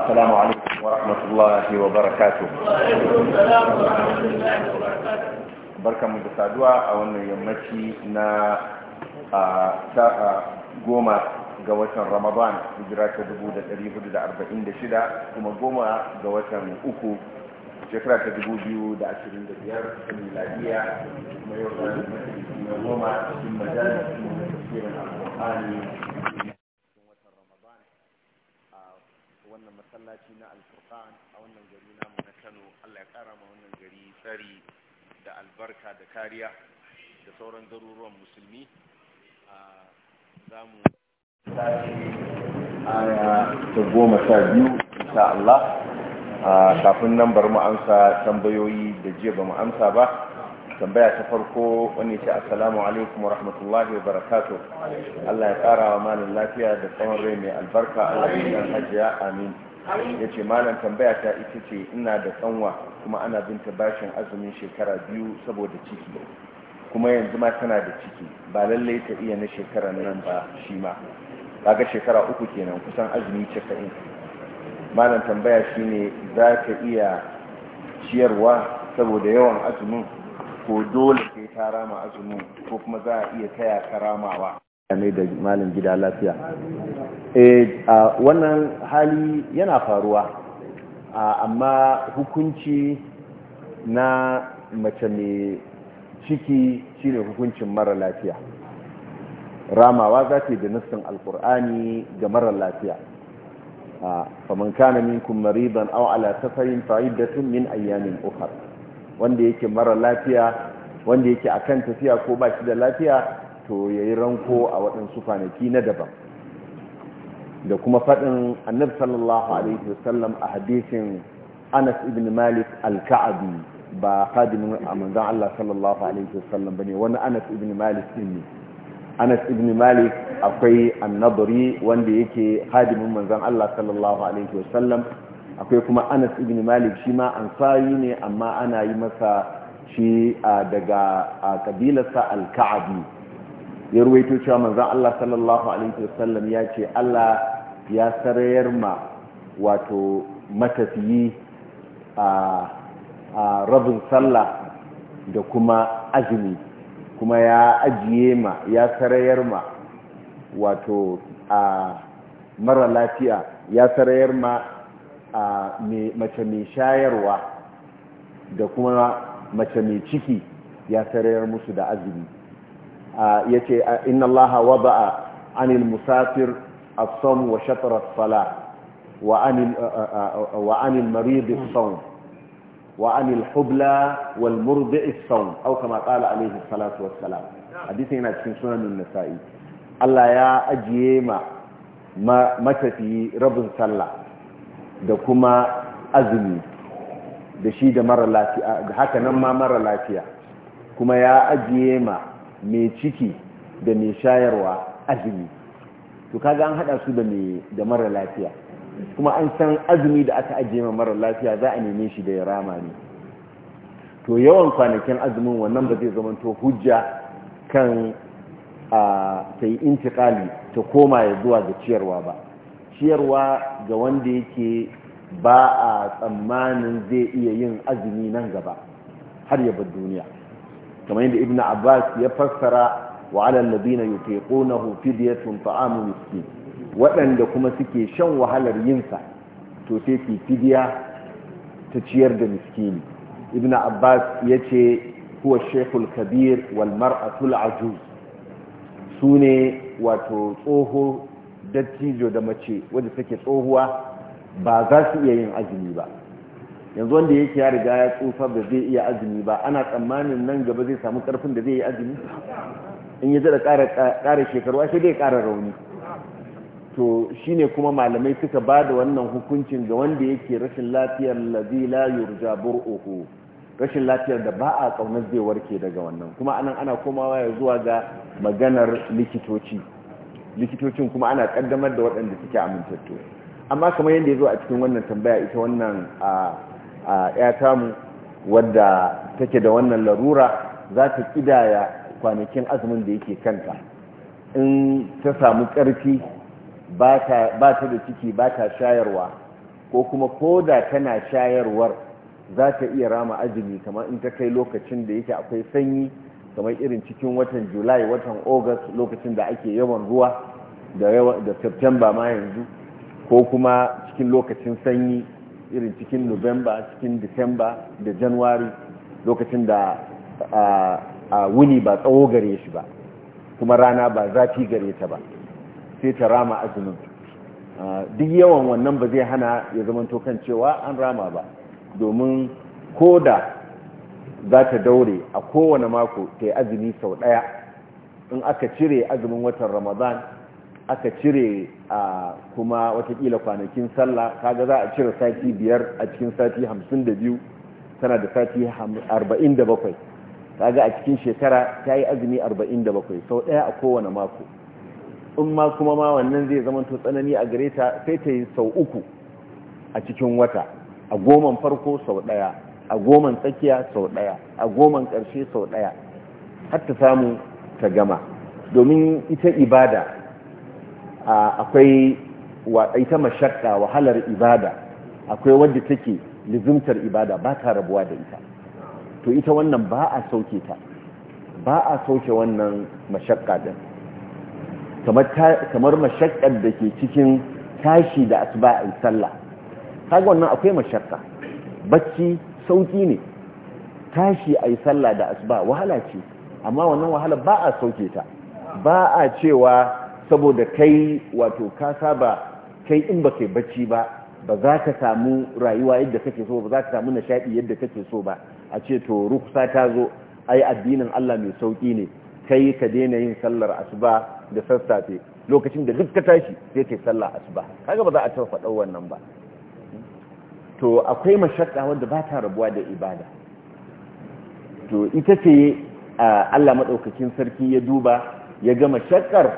السلام عليكم ورحمة الله وبركاته barka mu da saduwa a wannan yammaci na goma ga watan ramadan hijira ta 446 kuma goma ga watan uku shekara ta 2025 ta miladiya kuma yau da goma cikin majalisar da ke alƙur'ani masallaci na alfurqan a wannan gari namu na kano allah ya kara ma wannan gari tsari da albarka da kariya da sauran garuruwan musulmi a zamu aya ta goma sha biyu insha allah kafin nan bar mu amsa tambayoyi da jiya ba mu amsa ba tambaya ta farko wani ce assalamu alaikum wa rahmatullahi wa barakatu Allah ya kara wa malin lafiya da tsawon rai mai albarka Allah ya hajiya amin ya ce malam tambaya ta ita ce ina da tsanwa kuma ana binta bashin azumin shekara biyu saboda ciki kuma yanzu ma tana da ciki ba lallai ta iya na shekara nan ba shi ma ga shekara uku kenan kusan azumi casa'in malam tambaya shi ne za ta iya ciyarwa saboda yawan azumin ko dole ke ta rama azumin ko kuma za a iya taya karamawa ramawa da malam gida lafiya Eh, a wannan hali yana faruwa amma hukunci na mace mai ciki shine hukuncin mara lafiya ramawa za ta yi da nassin alkur'ani ga mara lafiya faman kana minkum mariban aw ala safarin fa'idatun min ayyamin ukhra wanda yake mara lafiya wanda yake akan tafiya ko ba shi da lafiya to yayi ranko a waɗansu kwanaki na daban da kuma faɗin annabi sallallahu alaihi wasallam a hadisin anas ibn malik al-ka'abi ba khadimin manzon Allah sallallahu alaihi wasallam bane wani anas ibn malik ne anas ibn malik akwai annabari wanda yake khadimin manzon Allah sallallahu alaihi wasallam akwai kuma anas ibn malik shi ma ansari ne amma ana yi masa shi daga kabilarsa al-ka'abi ya ruwaito cewa manzon Allah sallallahu alaihi wasallam ya ce Allah ya sarayar ma wato matafiyi a rabin sallah da kuma azumi kuma ya ajiye ma ya sarayar ma wato a mara lafiya ya sarayar ma a mace mai shayarwa da kuma mace mai ciki ya sarayar musu da azumi ya ce inna allaha wada'a anil musafir الصوم وشطر الصلاة وعن, وعن المريض الصوم وعن الحبلى والمرضع الصوم أو كما قال عليه الصلاة والسلام حديث هنا في سنن النسائي الله يا أجيما ما في رب صلى da kuma azumi da shi da mara lafiya da haka nan ma mara lafiya kuma ya ajiye ma mai ciki da mai shayarwa azumi to kaga an hada su da me da mara lafiya kuma an san azumi da aka ajiye ma mara lafiya za a neme shi da ya rama ne to yawan kwanakin azumin wannan ba zai zama to hujja kan a ta yi intikali ta koma ya zuwa ga ciyarwa ba ciyarwa ga wanda yake ba a tsammanin zai iya yin azumi nan gaba har ya bar duniya kamar yadda ibn abbas ya fassara wa ala alladhina yutiqunahu fidyatun ta'amu miskin waɗanda kuma suke shan wahalar yinsa to sai ki fidiya ta ciyar da miskini ibn abbas yace huwa shaykhul kabir wal mar'atul ajuz sune wato tsoho dattijo da mace wanda take tsohuwa ba za su iya yin azumi ba yanzu wanda yake ya riga ya tsufa ba zai iya azumi ba ana tsammanin nan gaba zai samu karfin da zai yi azumi in ya da ƙara shekaru sai dai ƙara rauni to shi ne kuma malamai suka ba da wannan hukuncin ga wanda yake rashin lafiyar lazi la yurja bur'uhu rashin lafiyar da ba a kaunar zai warke daga wannan kuma anan ana komawa ya zuwa ga maganar likitoci likitocin kuma ana ƙaddamar da waɗanda suke amintattu amma kamar yadda ya zo a cikin wannan tambaya ita wannan a ya tamu wadda take da wannan larura za ta ƙidaya. kwanakin azumin da yake kanta in ta samu ƙarfi ba ta da ciki ba ta shayarwa ko kuma ko da tana shayarwar za ta iya rama azumi kamar in ta kai lokacin da yake akwai sanyi kamar irin cikin watan julai watan august lokacin da ake yawan ruwa da september ma yanzu ko kuma cikin lokacin sanyi irin cikin november cikin december da january lokacin da ah, a wuni ba tsawo gare shi ba kuma rana ba zafi gare ta ba sai ta rama azumin duk yawan wannan ba zai hana ya zama tokan cewa an rama ba domin ko da za ta daure a kowane mako ta yi azumi sau ɗaya in aka cire azumin watan ramadan aka cire a kuma watakila kwanakin sallah kaga za a cire sati biyar a cikin sati hamsin da biyu tana da sati arba'in da bakwai kaga a cikin shekara ta yi azumi 47 sau ɗaya a kowane mako in ma kuma ma wannan zai zama to tsanani a gare ta sai ta yi sau uku a cikin wata a goman farko sau ɗaya a goman tsakiya sau ɗaya a goman ƙarshe sau ɗaya har ta samu ta gama domin ita ibada akwai ita mashakka wahalar ibada akwai wadda take lizimtar ibada ba ta rabuwa da ita to ita wannan ba a sauke ta ba a sauke wannan mashakka din kamar mashakkar da ke cikin tashi da asuba a sallah kaga wannan akwai mashakka bacci sauki ne tashi a sallah da asuba wahala ce amma wannan wahala ba a sauke ta ba a cewa saboda kai wato ka saba kai in ba kai bacci ba ba za ka samu rayuwa yadda kake so ba za ka samu nishaɗi yadda kake so ba a ce to ruksa ta zo ai addinin Allah mai sauki ne kai ka daina yin sallar asuba da sassafe lokacin da duk ka tashi sai kai sallar asuba kaga ba za a taɓa faɗa wannan ba to akwai mashakka wanda ba ta rabuwa da ibada to ita ce Allah maɗaukakin sarki ya duba ya ga mashakkar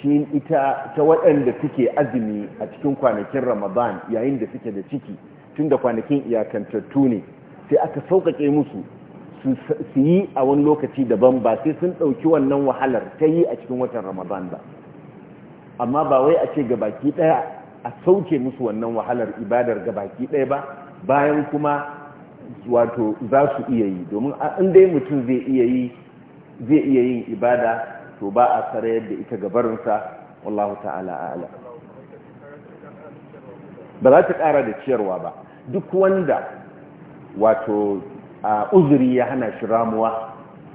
shi ita ta waɗanda suke azumi a cikin kwanakin ramadan yayin da suke da ciki tun da kwanakin iyakantattu ne sai aka sauƙaƙe musu su yi a wani lokaci daban ba sai sun ɗauki wannan wahalar ta yi a cikin watan ramadan ba amma ba wai a ce gabaki ɗaya a sauke musu wannan wahalar ibadar gabaki ɗaya ba bayan kuma wato za su iya yi domin in dai mutum zai iya yi yin ibada to ba a tsara yadda ita gabarinsa wallahu ta'ala ala ba za ta ƙara da ciyarwa ba duk wanda wato a uzuri ya hana shi ramuwa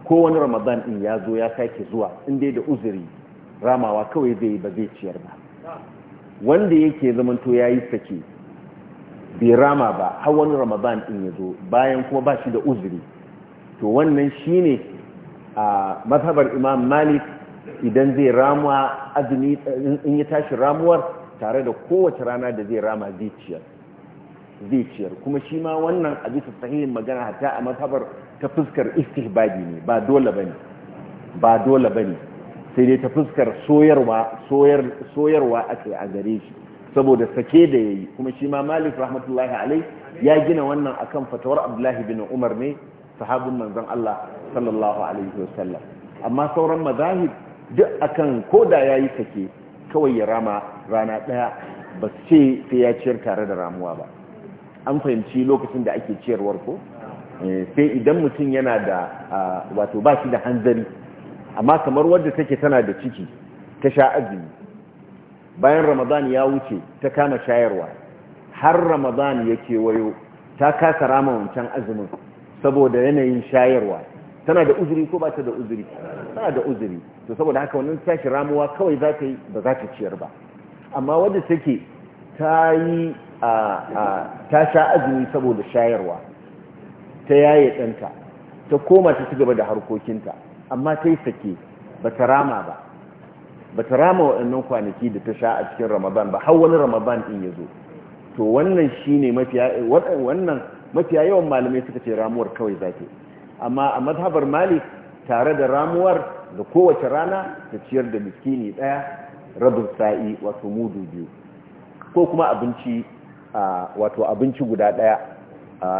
ko wani ramadan din ya zo ya sake zuwa inda da uzuri ramawa kawai zai ba zai ciyar ba wanda yake zamanto ya yi sake bai rama ba har wani ramadan din ya zo bayan kuma ba shi da uzuri to wannan shi ne a mazhabar imam malik idan zai ramuwa azumi in ya tashi ramuwar tare da kowace rana da zai rama zai ciyar zai ciyar kuma shi ma wannan a bisa sahihin magana hatta a matabar ta fuskar istihbabi ne ba dole bane ba dole bane sai dai ta fuskar soyarwa soyar soyarwa ake a gare shi saboda sake da yayi kuma shi ma Malik rahmatullahi alai ya gina wannan akan fatawar Abdullahi bin Umar ne sahabin manzon Allah sallallahu alaihi wasallam amma sauran mazahib duk akan koda yayi sake kawai ya rama rana ɗaya ba ce sai ya ciyar tare da ramuwa ba an fahimci lokacin da ake ciyarwar ko eh, sai idan mutum yana da wato ba shi da hanzari amma kamar wadda take tana da ciki ta sha azumi bayan ramadan ya wuce ta kama shayarwa har ramadan ya kewayo ta kasa rama wancan azumin saboda yanayin shayarwa tana da uzuri ko ba ta da uzuri tana da uzuri to saboda haka wannan tashi ramuwa kawai za ta yi ba za ta ciyar ba amma wadda take ta yi ta sha azumi saboda shayarwa ta yaye ɗanta ta koma ta ci gaba da harkokinta amma ta yi sake ba ta rama ba ba ta rama waɗannan kwanaki da ta sha a cikin ramadan ba har wani ramadan in ya zo to wannan shi ne mafiya yawan malamai suka ce ramuwar kawai zafi amma a mazhabar malik tare da ramuwar da kowace rana ta ciyar da miskini ɗaya rabin sa'i wato mudu biyu ko kuma abinci wato abinci guda daya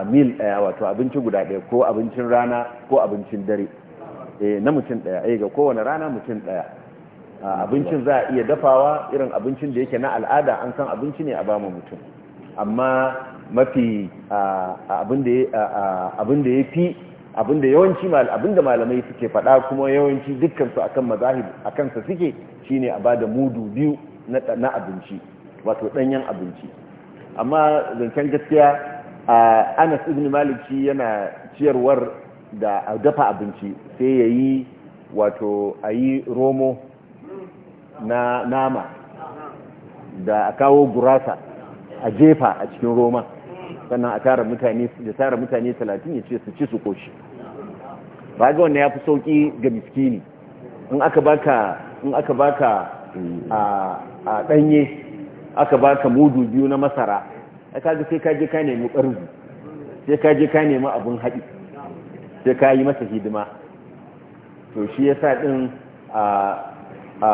mil daya wato abinci guda daya ko abincin rana ko abincin dare eh, na mutum daya eh ga kowane rana mutum daya abincin za a iya dafawa irin abincin da yake na al'ada an san abinci ne a ba mutum amma mafi abin da ya fi abin da yawanci abin da malamai suke faɗa kuma yawanci dukkansu akan mazahib akan sa suke shine a ba da mudu biyu na abinci wato danyen abinci amma zancen gaskiya a anas ibn malik yana ciyarwar da dafa abinci sai ya yi wato a yi romo na nama da a kawo gurasa a jefa a cikin roma sannan a tara mutane da tara mutane talatin ya ce su ci su koshi ba ga wannan ya fi sauki ga miskini in aka baka in aka baka a ɗanye aka baka mudu biyu na masara kaji sai ka ka nemi ɓarzu sai ka ka nemi abun haɗi sai ka yi masa hidima to shi sa din a a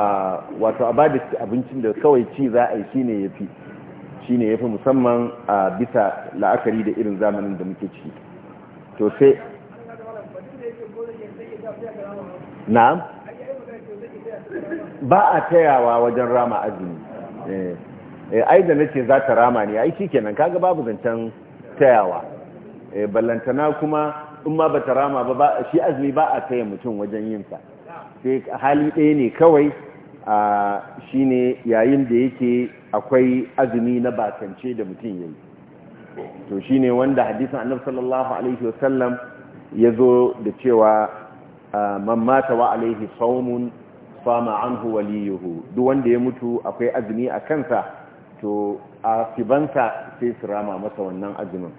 wato a bada abincin da kawai ci za a yi shine ne ya fi musamman a bisa la'akari da irin zamanin da muke ciki to sai na'am ba a tayawa wajen rama azumi eh. Eh, ai da nace za ta rama ne ai shikenan kaga babu zantan tayawa eh, ballantana kuma in ma ba ta rama ba shi azumi ba a kai mutum wajen yin sa sai hali ɗaya ne kawai shi ne yayin da yake akwai azumi na bakance da mutum yayi to shine wanda hadisin annabi sallallahu alaihi wasallam ya zo da cewa man mata wa alaihi sawmun fama anhu waliyuhu duk wanda ya mutu akwai azumi a kansa to a fibansa sai su rama masa wannan azumin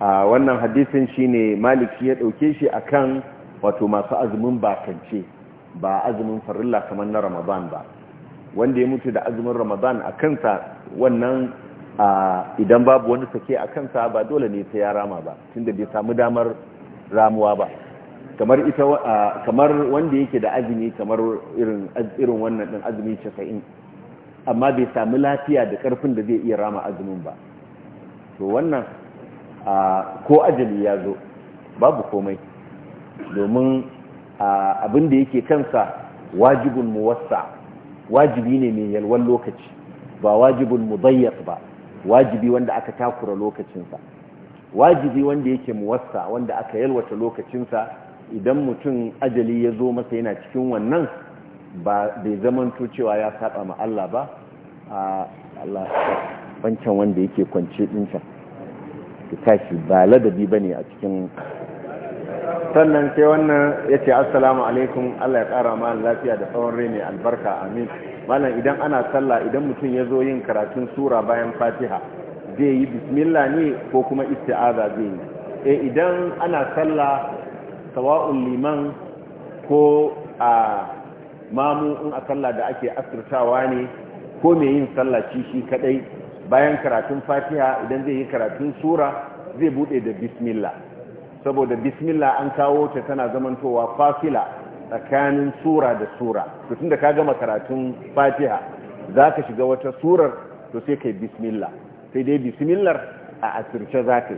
a wannan hadisin shine maliki ya ɗauke shi akan wato masu azumin bakance ba azumin farilla kamar na ramadan ba wanda ya mutu da azumin ramadan a kansa wannan idan babu wani sake a kansa ba dole ne sai ya rama ba tunda bai samu damar ramuwa ba kamar ita kamar wanda yake da azumi kamar irin irin wannan din azumi 90 amma bai sami lafiya da ƙarfin da zai iya rama azumin ba to wannan ko ajali ya zo babu komai domin abin da yake kansa wajibin mu wasa wajibi ne mai yalwan lokaci ba wajibin zayyar ba wajibi wanda aka takura lokacinsa wajibi wanda yake mu wasa wanda aka yalwata lokacinsa idan mutum ajali ya zo masa yana cikin wannan ba bai zamanto cewa ya saba ma Allah ba a Allah wancan wanda yake kwance dinsa ta tashi ba ladabi bane a cikin sannan sai wannan yace assalamu alaikum Allah ya kara ma lafiya da tsawon rai mai albarka amin malam idan ana sallah idan mutum ya zo yin karatun sura bayan fatiha zai yi bismillah ne ko kuma isti'aza zai yi eh idan ana sallah sawa'un liman ko a mamu in a sallah da ake asirtawa ne ko mai yin sallah shi shi kadai bayan karatun fatiha idan zai yi karatun sura zai bude da bismillah saboda bismillah an kawo ta tana zamantowa fasila tsakanin sura da sura to tunda ka gama karatun fatiha za ka shiga wata surar to sai kai bismillah sai dai bismillar a asirce za ka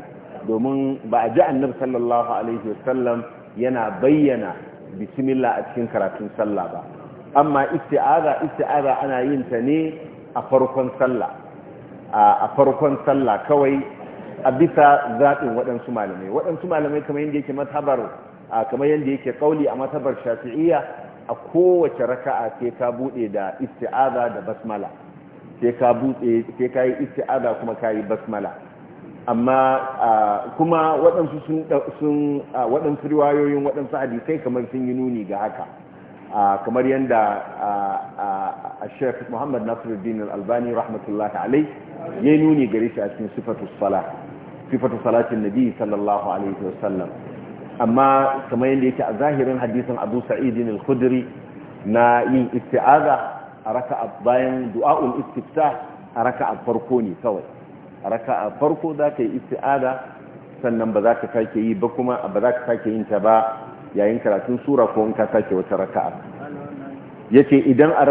domin ba a ji annabi sallallahu alaihi wasallam yana bayyana bismillah a cikin karatun sallah ba amma isti'aza isti'aza ana yin ta ne a farkon sallah a farkon sallah kawai a bisa zaɓin waɗansu malamai waɗansu malamai kamar yadda yake matabar kamar yadda yake kauli a matabar shafi'iyya a kowace raka'a sai ka buɗe da isti'aza da basmala sai ka buɗe sai ka yi isti'aza kuma ka yi basmala amma kuma waɗansu sun waɗansu riwayoyin waɗansu hadisai kamar sun yi nuni ga haka kamar yadda a sheikh muhammad nasiruddin al-albani rahmatullahi alai ya nuni gare shi a cikin sifatu sala sifatu salatin nabi sallallahu alaihi wasallam amma kamar yadda yake a zahirin hadisin abu sa'idin al-khudri na yin isti'aza a raka'a bayan du'a'un istiftah a raka'a farko ne kawai a raka'a farko za ka yi isti'aza sannan ba za ka sake yi ba kuma ba za ka sake yin ta ba yayin karatun sura ko in ka sake wata raka'a yace idan a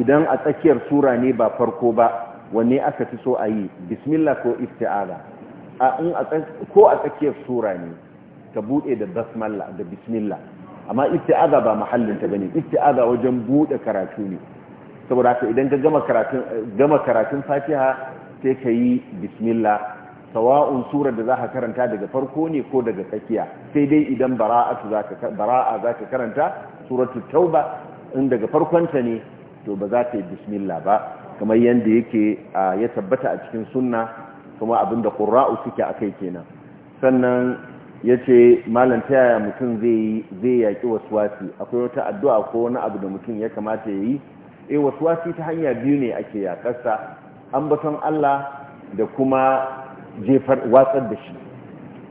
idan a tsakiyar sura ne ba farko ba wanne aka fi so a yi bismillah ko isti'aza a in ko a tsakiyar sura ne ka bude da basmalla da bismillah amma isti'aza ba mahallin ta bane isti'aza wajen bude karatu ne saboda haka idan ka gama karatun gama karatun fatiha sai ka yi bismillah sawa'un surar da za ka karanta daga farko ne ko daga tsakiya sai dai idan bara'a za bara'a zaka karanta suratul tauba in daga farkonta ne to ba za ta yi bismillah ba kamar yadda yake ya tabbata a cikin sunna kuma abinda qurra'u suke kai kenan sannan yace malam ta yaya mutum zai yaƙi wasu wasi akwai wata addu'a ko wani abu da mutum ya kamata ya yi e eh, wasu wasi ta hanya biyu ne ake yakarsa ambaton Allah da kuma jefar watsar da shi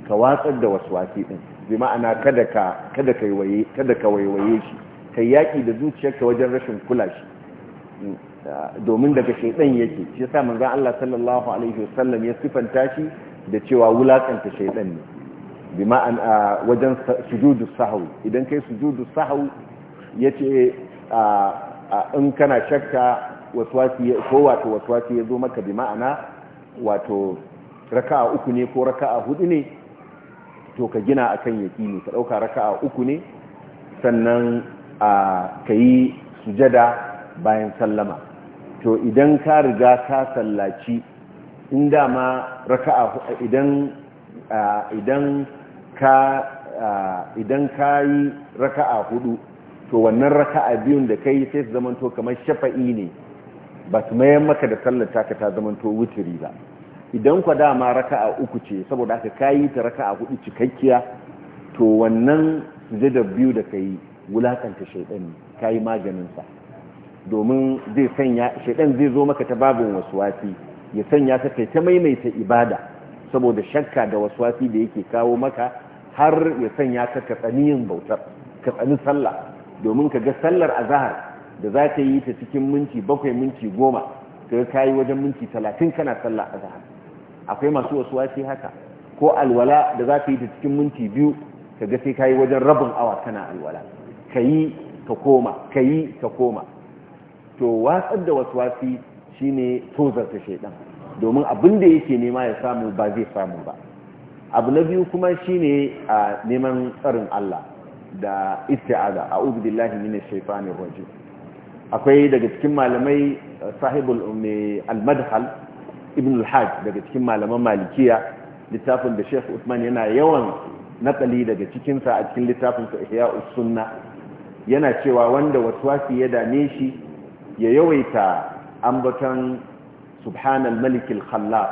ka watsar da wasu wasi din bi ma'ana kada ka kada ka waye kada ka waiwaye shi kai yaki da zuciyarka wajen rashin kula shi mm. ah, domin daga shaidan yake shi yasa manzon Allah sallallahu alaihi wasallam ya sifanta shi da cewa wulakanta shaidan ne bi ma'ana ah, wajen sujudu sahwi idan kai sujudu sahwi yace ah, in kana shakka wasu wasi ko wato ya zo maka bi ma'ana wato raka'a uku ne ko raka'a hudu ne to ka gina a kan akan ne ka ɗauka raka'a uku ne sannan a yi sujada bayan sallama to idan ka riga ka sallaci in dama raka'a idan idan ka yi raka'a hudu to wannan raka'a biyun da kai sai su zamanto kamar shafa'i ne ba su mayan maka da sallar ka ta zamanto wuturi ba idan kwa dama raka'a uku ce saboda aka kayi ta raka'a hudu cikakkiya to wannan da biyu da kai wulakanta shaidan kayi maganin sa domin zai sanya shaidan zai zo maka ta babin waswasi ya sanya ka kai ta maimaita ibada saboda shakka da waswasi da yake kawo maka har ya sanya ka ka bautar ka tsani sallah domin ka ga sallar azahar da za ka yi ta cikin minti bakwai minti goma ka kayi wajen minti talatin kana sallar azahar akwai masu wasu wasi haka ko alwala da za ka yi da cikin minti biyu ka ga sai ka yi wajen rabin awa kana alwala ka yi ka koma ka yi ka koma to watsar da wasu wasi shine ta shaidan domin abin da yake nema ya samu ba zai samu ba abu na biyu kuma shine a neman tsarin Allah da isti'aza a'udhu billahi minash shaitanir rajim akwai daga cikin malamai sahibul ummi al-madhal ibn al-hajj daga cikin malaman malikiya littafin da sheikh usman yana yawan nakali daga cikinsa a cikin littafinsa ihya sunna yana cewa wanda waswasi ya dame shi ya yawaita ambaton subhanal malik al-khallaq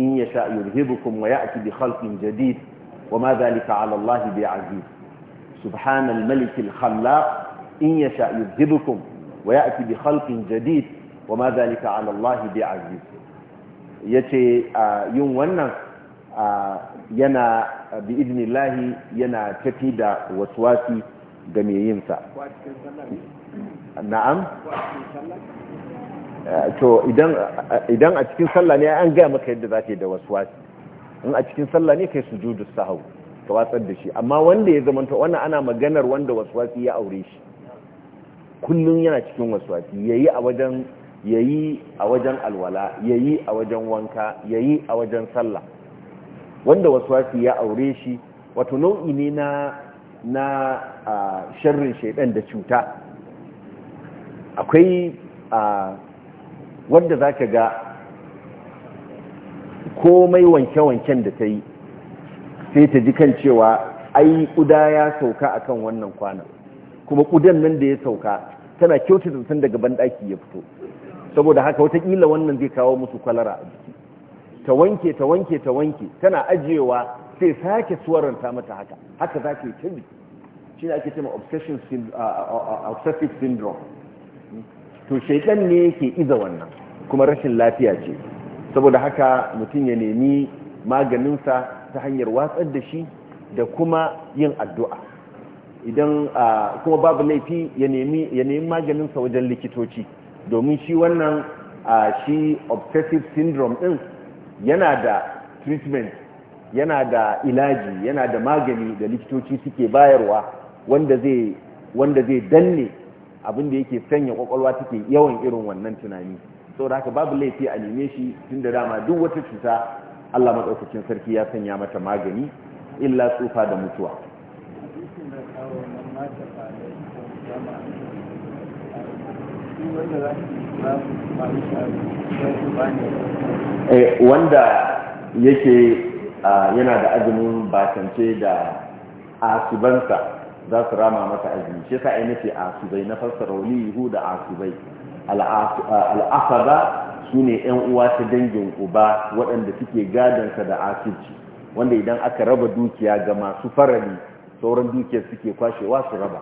in yasha yurhibukum wa ya'ti bi khalqin jadid wa ma dhalika 'ala Allah bi'aziz subhanal malik al-khallaq in yasha yurhibukum wa ya'ti bi khalqin jadid wa ma dhalika 'ala Allah bi'aziz ya ce yin wannan yana bi idinillahi yana tafi da waswasi ga mai yinsa na'am to idan a cikin sallah ne an gaya maka yadda za ka yi da wasi in a cikin sallah ne kai judu sahau ka watsar da shi amma wanda ya zamanta wannan ana maganar wanda wasi ya aure shi kullum yana cikin ya yayi a wajen yayi a wajen alwala yayi a wajen wanka yayi a wajen sallah wanda wasu wasu ya aure shi wato nau'i ne na na sharrin shaidan da cuta akwai wanda za zaka ga komai wanke-wanken da ta yi sai ta ji kan cewa ai kuda ya sauka a kan wannan kwanan kuma kudan nan da ya sauka tana kyautata sun daga banɗaki ya fito saboda haka wataƙila wannan zai kawo musu kwalara a jiki ta wanke ta wanke ta wanke tana ajiyewa sai sake suwaranta mata haka haka za ka yi canji shi ne ake cewa obsessive syndrome to shaiɗan ne ke iza wannan kuma rashin lafiya ce saboda haka mutum ya nemi maganinsa ta hanyar watsar da shi da kuma yin addu'a idan kuma babu laifi ya nemi maganinsa wajen likitoci domin shi wannan a shi obsessive syndrome din yana da treatment yana da ilaji yana da magani da likitoci suke bayarwa wanda zai wanda zai danne abin da yake sanya kwakwalwa take yawan irin wannan tunani saboda haka babu laifi a neme shi tun da dama duk wata cuta Allah maɗaukakin sarki ya sanya mata magani illa tsufa da mutuwa Eh, wanda yake yana da azumin bakance da asibansa za su rama mata azumi shi sa ai asibai na fassara da asibai al'asaba su ne yan uwa ta dangin uba waɗanda suke gadansa da asibci wanda idan aka raba dukiya ga masu farari sauran dukiyar suke kwashewa su raba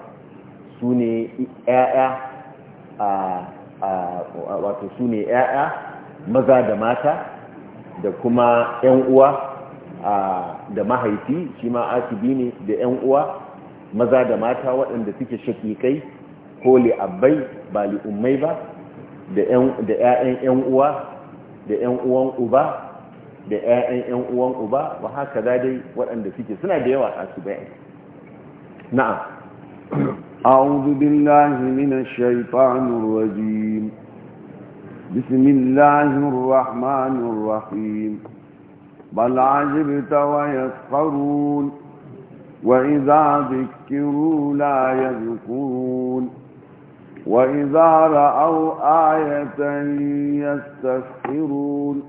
su ne 'ya'ya wato su ne 'ya'ya maza da mata da kuma 'yan uwa da mahaifi shi ma asibi ne da 'yan uwa maza da mata waɗanda suke shakikai ko li'abbai ba li'ummai ba da 'ya'yan 'yan uwa da 'yan uwan uba da 'ya'yan 'yan uwan uba ba haka dai waɗanda suke suna da yawa asibai na'am أعوذ بالله من الشيطان الرجيم بسم الله الرحمن الرحيم بل عجبت ويسخرون وإذا ذكروا لا يذكرون وإذا رأوا آية يستسخرون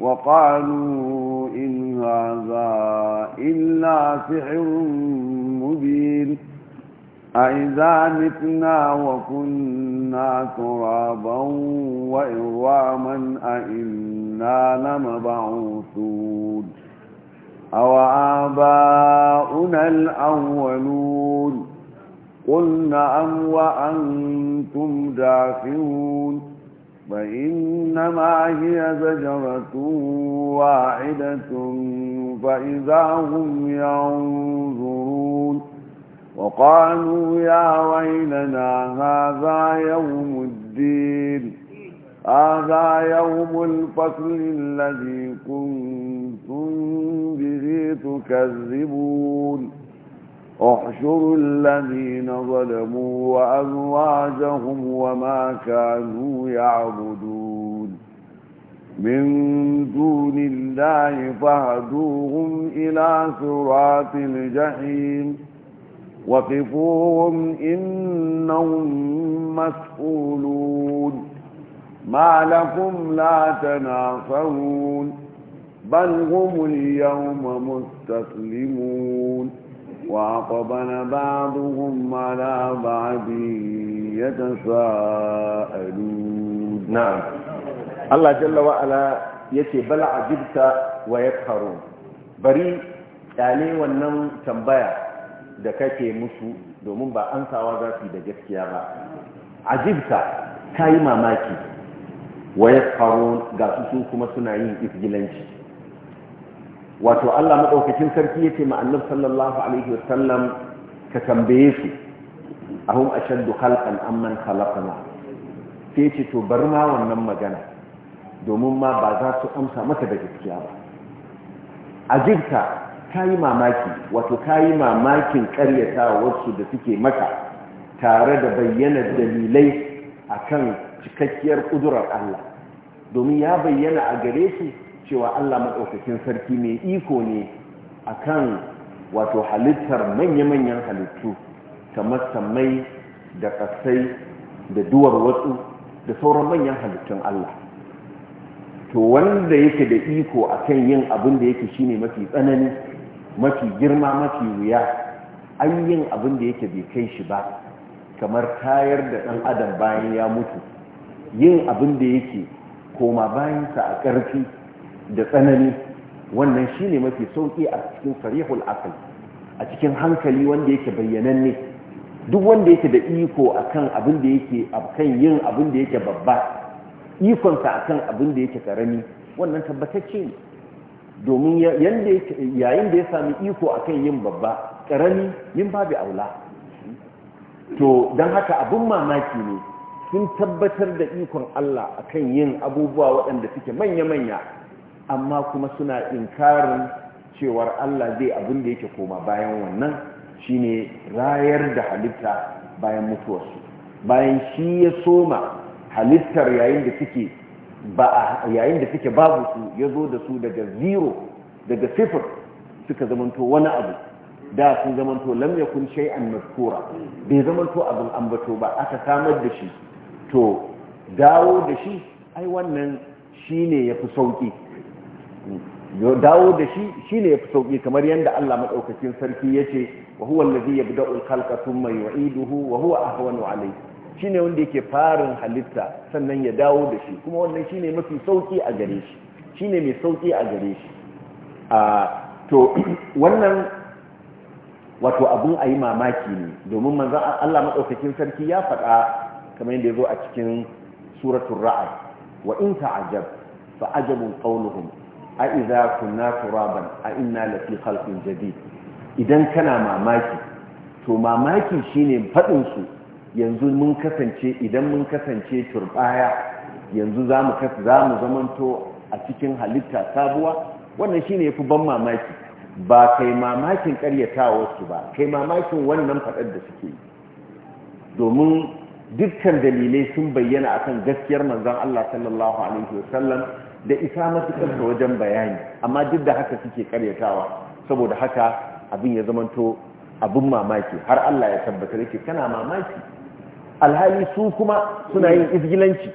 وقالوا إن هذا إلا سحر مبين أَإِذَا مِتْنَا وَكُنَّا تُرَابًا وَإِرْوَامًا أَإِنَّا لَمَبَعُوثُونَ أَوْ آبَاؤُنَا الْأَوَّلُونَ قُلْ نَعَمْ وَأَنْتُمْ دَاخِرُونَ فإنما هي زجرة واحدة فإذا هم ينظرون وقالوا يا ويلنا هذا يوم الدين هذا يوم الفصل الذي كنتم به تكذبون احشروا الذين ظلموا وأزواجهم وما كانوا يعبدون من دون الله فهدوهم إلى صراط الجحيم وقفوهم إنهم مسؤولون ما لكم لا تناصرون بل هم اليوم مستسلمون وعقبن بعضهم على بعض يتساءلون نعم الله جل وعلا يتي بلع عجبت ويكهرون بريء يعني ونم تنبيع da kake musu domin ba sawa za su da gaskiya ba a jibta ka yi mamaki waya ya ga su kuma suna yin isgilanci wato Allah maɗaukacin sarki ya ce ma'annab sallallahu alaihi wasallam ka tambaye su a hun ashaddu halkan amman halakana sai ce to bar ma wannan magana domin ma ba za su amsa maka da gaskiya ba ajibta kayi mamaki wato kayi mamakin wasu da suke maka tare da bayyana dalilai akan cikakkiyar ƙudurar Allah domin ya bayyana a gare su cewa Allah maɗaukakin sarki mai iko ne akan wato halittar manya-manyan halittu kamar sammai da ƙasai da duwar watsu da sauran manyan halittun Allah to wanda yake da iko akan yin abin da yake shine mafi tsanani mafi girma mafi wuya an yin abin da yake bai kai shi ba kamar tayar da ɗan adam bayan ya mutu yin abin da yake koma bayansa a ƙarfi da tsanani wannan shi ne mafi sauƙi a cikin sarihul asali a cikin hankali wanda yake bayyananne duk wanda yake da iko akan abin da yake akan yin abin da yake babba ikonsa akan abin da yake ƙarami wannan tabbatacce ne domin yayin da ya sami iko akan yin babba karami yin babu aula to don haka abin mamaki ne sun tabbatar da ikon Allah akan yin abubuwa waɗanda suke manya-manya amma kuma suna inkarin cewar Allah zai abin da yake koma bayan wannan shi ne rayar da halitta bayan mutuwarsu bayan shi ya soma halittar yayin da suke ba a yayin da suke babu su ya zo da su daga zero daga sifir suka zamanto wani abu da sun zamanto kun yakun shay'an mazkura bai zamanto abin ambato ba aka samar da shi to dawo da shi ai wannan ya fi sauƙi. dawo da shi ya yafi sauƙi. kamar yadda Allah Maɗaukacin sarki ya wa huwa allazi yabda'u mai khalqa thumma yu'iduhu wa huwa ahwanu alayhi Shi ne wanda yake farin halitta sannan ya dawo da shi kuma wannan shi ne mafi sauki a gare shi Shi ne mai sauki a gare shi a to wannan wato abin a yi mamaki ne domin manzan Allah maɗaukakin sarki ya faɗa kamar yadda ya zo a cikin suratun ra'd wa in ta'ajab fa ajabun qawluhum a idza kunna turaban a inna lafi khalqin jadid idan kana mamaki to mamaki shine faɗin su yanzu mun kasance idan mun kasance turbaya yanzu za mu zamanto a cikin halitta sabuwa wannan shi ne fi ban mamaki ba kai mamakin wasu ba kai mamakin wannan faɗar da suke yi domin dukkan dalilai sun bayyana akan gaskiyar manzon Allah sallallahu alaihi wasallam da isa masu matuƙar wajen bayani amma duk da haka suke karyatawa saboda haka abin ya zamanto abin mamaki har Allah ya tabbatar yake kana mamaki alhali su kuma suna yin hmm. izgilanci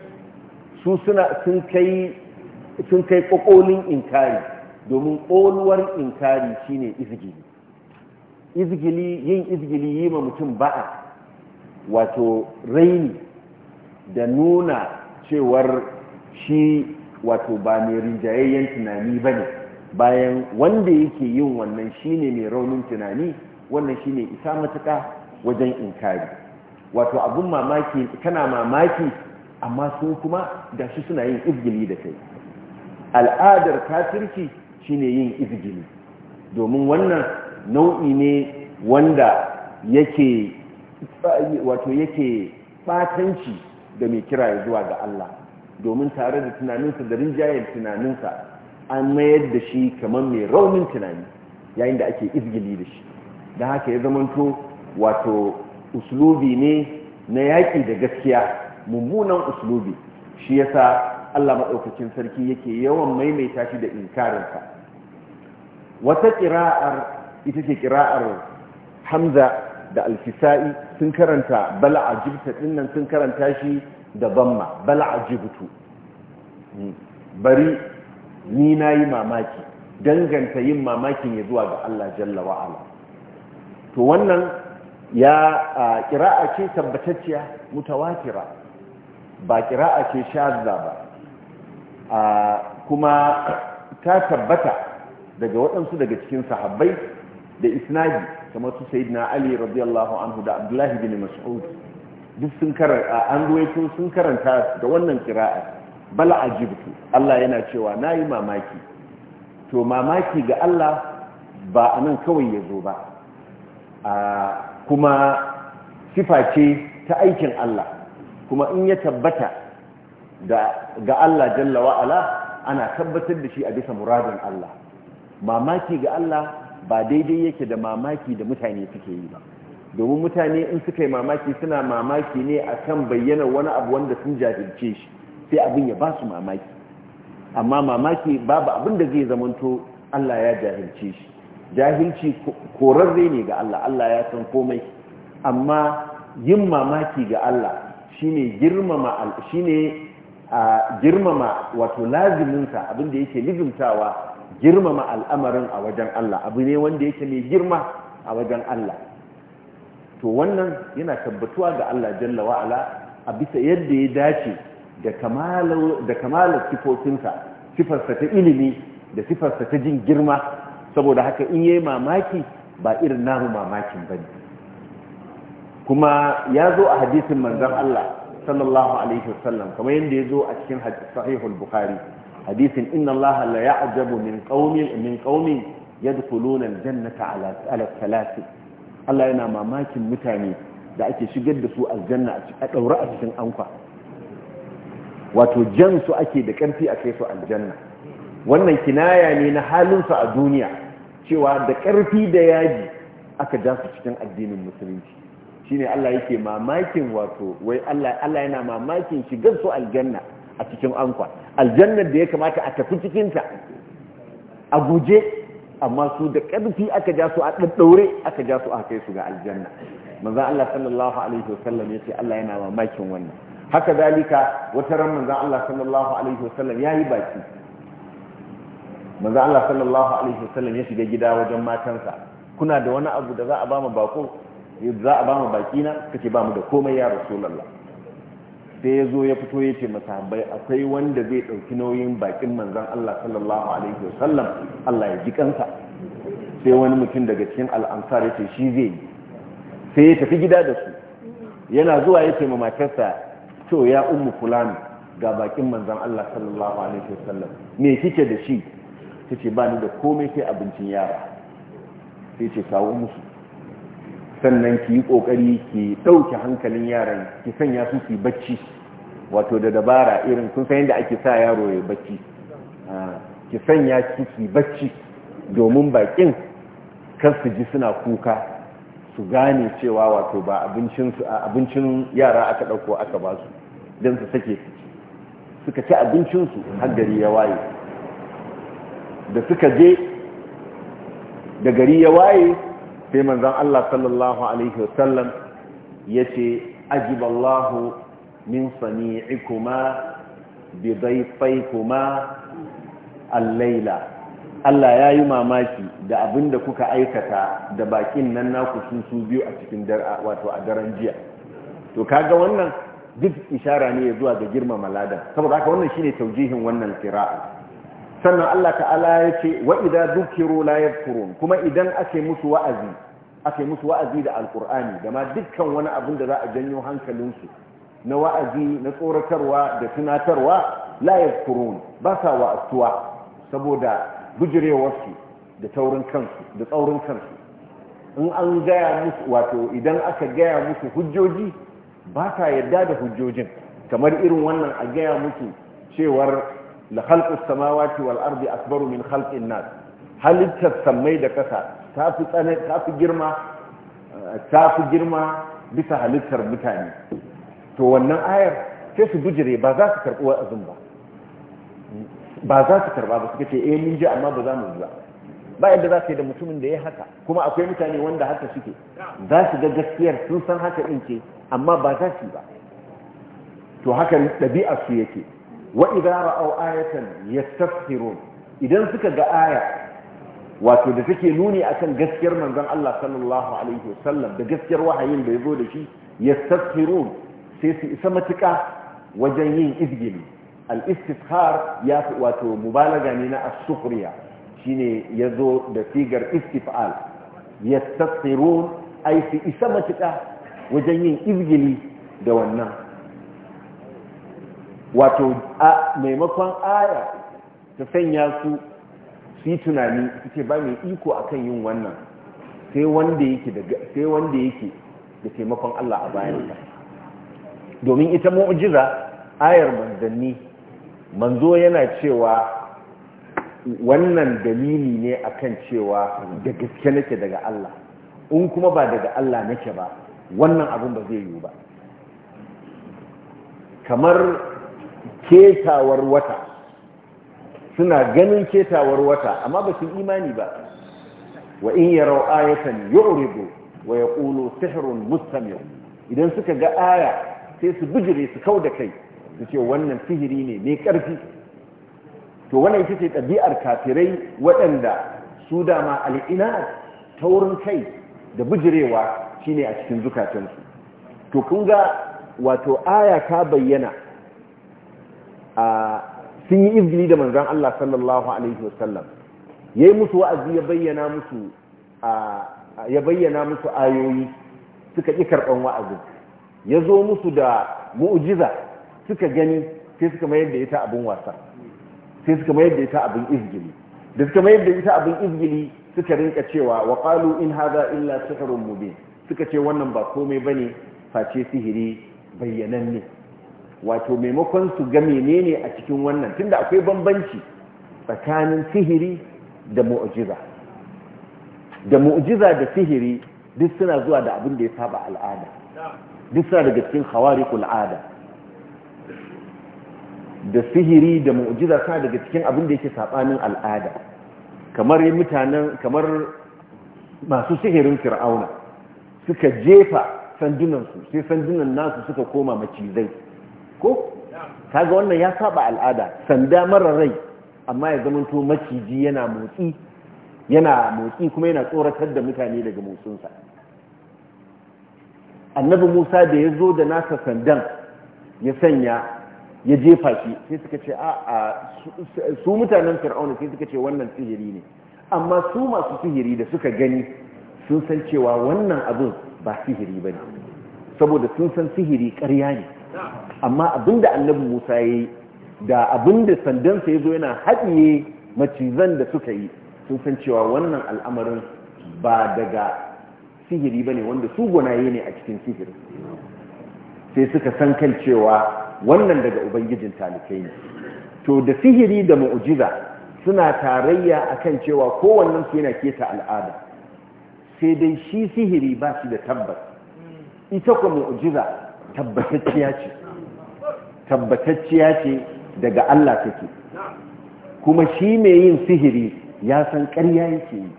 su suna sun kai kokolin inkari domin ƙoluwar inkari shine izgili izgili yin izgili yi ma mutum ba'a wato raini da nuna cewar shi wato ba mai rinjayayyen tunani ba ne bayan wanda yake yin wannan shine mai raunin tunani wannan shine isa matuƙa wajen inkari wato abun mamaki kana mamaki amma su kuma da shi suna yin izgili da kai al'adar kafirci shine yin izgili domin wannan nau'i ne wanda yake wato yake batanci da mai kira zuwa ga Allah domin tare da tunaninsa da rinjayen tunaninsa an mayar da shi kamar mai raunin tunani yayin da ake izgili da shi don haka ya zamanto wato uslubi ne na yaƙi da gaskiya mummunan uslubi shi yasa Allah maɗaukakin sarki yake yawan maimaita shi da inkarinsa wata ƙira'ar ita ce ƙira'ar hamza da alfisa'i sun karanta bala'a jibta ɗinnan sun karanta shi da bamma bala'a jibtu hmm. bari ni na yi mamaki danganta yin mamakin ya zuwa ga Allah jalla wa'ala to wannan ya kira'a ce tabbatacciya mutawatira ba kira'a ce shazza ba kuma ta tabbata daga waɗansu daga cikin sahabbai da isnadi kamar su na ali radiyallahu anhu da abdullahi bin mas'ud duk sun karanta an ruwaito sun karanta da wannan kira'a bala ajibtu Allah yana cewa nayi mamaki to mamaki ga Allah ba a nan kawai ya zo ba kuma sifa ce ta aikin Allah kuma in ya tabbata ga Allah jalla wa'ala ana tabbatar da shi a bisa muradin Allah mamaki ga Allah ba daidai yake da mamaki da mutane suke yi ba domin mutane in suka yi mamaki suna mamaki ne a kan bayyana wani abu wanda sun jajirce shi sai abin ya ba su mamaki amma mamaki babu abin da zai zamanto Allah ya jahilce shi jahilci korarre ne ga Allah Allah ya san komai amma yin mamaki ga Allah shine girmama girmama wato laziminsa abinda yake lizimtawa girmama al'amarin a wajen Allah abu ne wanda yake mai girma a wajen Allah to wannan yana tabbatuwa ga Allah jalla wa'ala a bisa yadda ya dace da kamalar sifofinsa sifarsa ta ilimi da sifarsa ta jin girma saboda haka in yi mamaki ba irin namu mamakin ne. kuma ya zo a hadisin manzan Allah sallallahu alaihi wasallam kamar yadda ya zo a cikin sahihul bukhari hadisin inna Allah la ya'jabu min qaumin min qaumin yadkhuluna aljannata ala ala Allah yana mamakin mutane da ake shigar da su aljanna a daura a cikin anka wato jan su ake da karfi a kai su aljanna wannan kinaya ne na halin su a duniya cewa da ƙarfi da yaji aka ja su cikin addinin musulunci shine Allah yake mamakin wato wai Allah yana mamakin shigar su aljanna a cikin ankwa aljannar da ya kamata a tafi cikin ta a guje amma su da ƙarfi aka ja su a daddaure aka ja su a kai su ga aljanna manzo Allah sallallahu alaihi wasallam yace Allah yana mamakin wannan haka zalika wata ran manzo Allah sallallahu alaihi wasallam yayi baki manzo Allah sallallahu alaihi wasallam ya shiga gida wajen matansa kuna da wani abu da za a ba mu bako za a ba mu baki na kace ba mu da komai ya rasulullah sai ya zo ya fito ya ce masahabai akwai wanda zai ɗauki nauyin bakin manzon Allah sallallahu alaihi wasallam Allah ya ji kansa sai wani mutum daga cikin al'ansar ya ce shi zai yi sai ya tafi gida da su yana zuwa ya ce ma matarsa to ya ummu fulani ga bakin manzon Allah sallallahu alaihi wasallam me kike da shi ta ce ba ni da komai sai abincin yara sai ce kawo musu sannan ki yi ƙoƙari ki ɗauke hankalin yaran ki sanya su ki bacci wato da dabara irin sun san da ake sa yaro ya bacci ah, ki sanya su ki bacci domin bakin kan su ji suna kuka su gane cewa wato ba abincin yara aka ɗauko aka ba su don su sake suka ci abincinsu har gari ya waye da suka je da gari ya waye sai manzon Allah sallallahu alaihi wasallam yace ajiballahu min kuma bi dayfaykuma al allaila Allah ya yi mamaki da abinda kuka aikata da bakin nan naku sun su biyu a cikin wato a daren jiya to kaga wannan duk ishara ne zuwa ga girmama ladan saboda haka wannan shine taujihin wannan qira'a sannan Allah ta'ala ya ce wa idan dhukiru la kuma idan ake musu wa'azi ake musu wa'azi da alkur'ani da ma dukkan wani abin da za a janyo hankalinsu na wa'azi na tsoratarwa da tunatarwa la yadhkurun ba sa wa'astuwa saboda bujirewarsu da taurin kansu da tsaurin kansu in an gaya musu wato idan aka gaya musu hujjoji ba sa yadda da hujjojin kamar irin wannan a gaya musu cewar la khalqu samawati wal ardi akbaru min halkin nas halittar sammai da ƙasa eh, ta fi girma bisa halittar mutane to wannan ayar sai su bujire ba za su karɓi wa'azin ba ba za su karɓa ba suka ce eh mun ji amma ba za mu ji ba yadda za su yi da mutumin da ya haka kuma akwai mutane wanda haka suke za su ga gaskiyar sun san haka ɗin ce amma ba za su yi ba to hakan ɗabi'a su yake wa idara au ya yastafsirun idan suka ga aya wato da take nuni akan gaskiyar manzon Allah sallallahu alaihi wasallam da gaskiyar wahayin da ya zo da shi yastafsirun sai su isa matuƙa wajen yin izgili al-istifhar ya wato mubalaga ne na as ne ya zo da figar istifal yastafsirun ai su isa matuƙa wajen yin izgini da wannan wato a maimakon aya ta sanya su su yi tunani su ce ba mai iko akan yin wannan sai wanda yake da taimakon Allah a bayansa domin ita mu'ujiza ayar manzanni manzo yana cewa wannan dalili ne akan cewa da gaske nake daga Allah in kuma ba daga Allah nake ba wannan abin ba zai yiwu ba kamar ketawar wata suna ganin ketawar wata amma ba su imani ba wa in rau ayatan yu'ridu wa ya ƙulo sihirun mustamir idan suka ga aya sai su bijire su kau da kai su ce wannan sihiri ne mai ƙarfi. to wannan ita ce ɗabi'ar kafirai waɗanda su dama al'ina ta wurin kai da bijirewa shine a cikin zukatansu to kun ga wato aya ta bayyana sun yi izini da manzan Allah sallallahu alaihi wasallam yayi musu wa'azi ya bayyana musu ya bayyana musu ayoyi suka ƙi karɓan wa'azi ya zo musu da mu'ujiza suka gani sai suka mayar da ita abin wasa sai suka mayar da ita abin izgili da suka mayar da ita abin izgili suka rinka cewa wa qalu in hadha illa sihrun mubin suka ce wannan ba komai bane face sihiri bayyananne wato maimakon su ga menene a cikin wannan tunda akwai bambanci tsakanin sihiri da mu'jiza da mu'jiza da sihiri duk suna zuwa da abin da ya saba al'ada duk suna daga cikin khawariqul ada da sihiri da mu'jiza suna daga cikin abin da yake sabanin al'ada kamar mutanen kamar masu sihirin fir'auna suka jefa sandunansu sai sandunan nasu suka koma macizai ko kaga wannan ya saba al'ada sanda mara rai amma ya zama to maciji yana motsi yana motsi kuma yana tsoratar da mutane daga motsinsa annabi musa da ya zo da nasa sandan ya sanya ya jefa shi sai suka ce a su mutanen fir'auna sai suka ce wannan sihiri ne amma su masu sihiri da suka gani sun san cewa wannan abin ba sihiri ba ne saboda sun san sihiri karya ne amma abinda annabi musa ya yi da abinda sandansa ya zo yana haɗiye macizan da suka yi sun san cewa wannan al'amarin ba daga sihiri ba ne wanda su gonaye ne a cikin sihiri sai suka san kan cewa wannan daga ubangijin talikai ne to da sihiri da mu'ujiza suna tarayya akan cewa kowannen su yana keta al'ada sai dai shi sihiri ba shi da tabbas ita kuma mu'ujiza tabbatacciya ce tabbatacciya ce daga Allah take kuma shi mai yin sihiri ya san ƙarya yake yi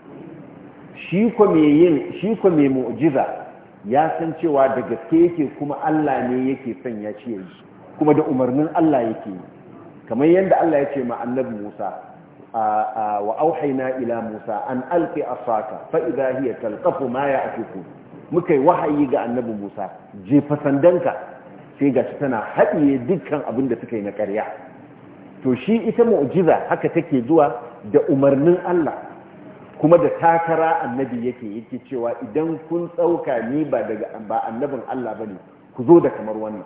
shi ko mai yin shi ko mai mu'jiza ya san cewa da gaske yake kuma Allah ne yake sanya shi yi kuma da umarnin Allah yake yi kamar yadda Allah ya ce ma annabi Musa wa auhayna ila Musa an alqi asaka fa idha hiya talqafu ma ya'tikun muka yi wahayi ga annabi musa jefa fasandanka sai gashi tana haɗiye dukkan abin da suka yi na ƙarya to shi ita mu'jiza haka take zuwa da umarnin Allah kuma da takara annabi yake yake cewa idan kun tsauka ni ba daga ba annabin Allah bane ku zo da kamar wannan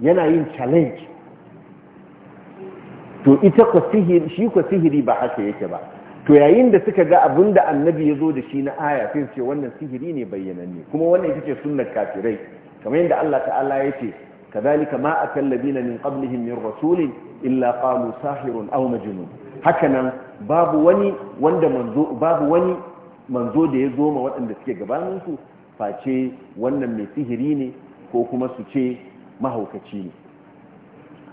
yana yin challenge to ita ko sihiri shi ko sihiri ba haka yake ba to yayin da suka ga abin da annabi ya zo da shi na aya sai su ce wannan sihiri ne bayyananne kuma wannan ita ce sunnar kafirai kamar yadda Allah ta'ala ya ce kazalika ma akal ladina min qablihim min rasulin illa qalu sahirun aw majnun hakanan babu wani wanda manzo babu wani manzo da ya zo ma waɗanda suke gabanin su face wannan mai sihiri ne ko kuma su ce mahaukaci ne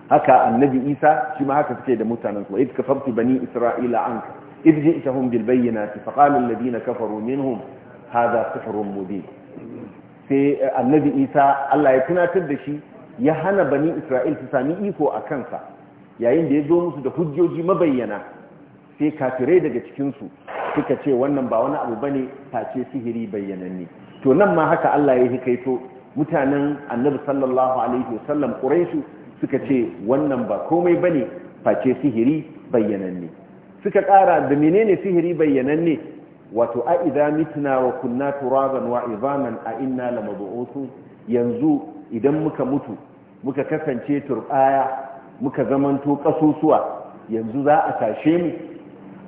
haka annabi Isa shi ma haka suke da mutanen su wa idka fabti bani isra'ila anka إذ جئتهم بالبينات فقال الذين كفروا منهم هذا سحر مبين sai annabi isa allah ya tunatar da shi ya hana banin isra'il su sami iko a kansa yayin da ya zo musu da hujjoji mabayyana sai kafirai daga cikinsu suka ce wannan ba wani abu bane face sihiri bayyananne to nan ma haka allah ya hikaito mutanen annabi sallallahu alaihi wasallam quraishu suka ce wannan ba komai bane face sihiri bayyananne suka ƙara da menene sihiri ne wato a idan mituna wa kunna turaban wa izaman a inna lamab'uthun yanzu idan muka mutu muka kasance turbaya muka zamanto kasusuwa yanzu za a tashe mu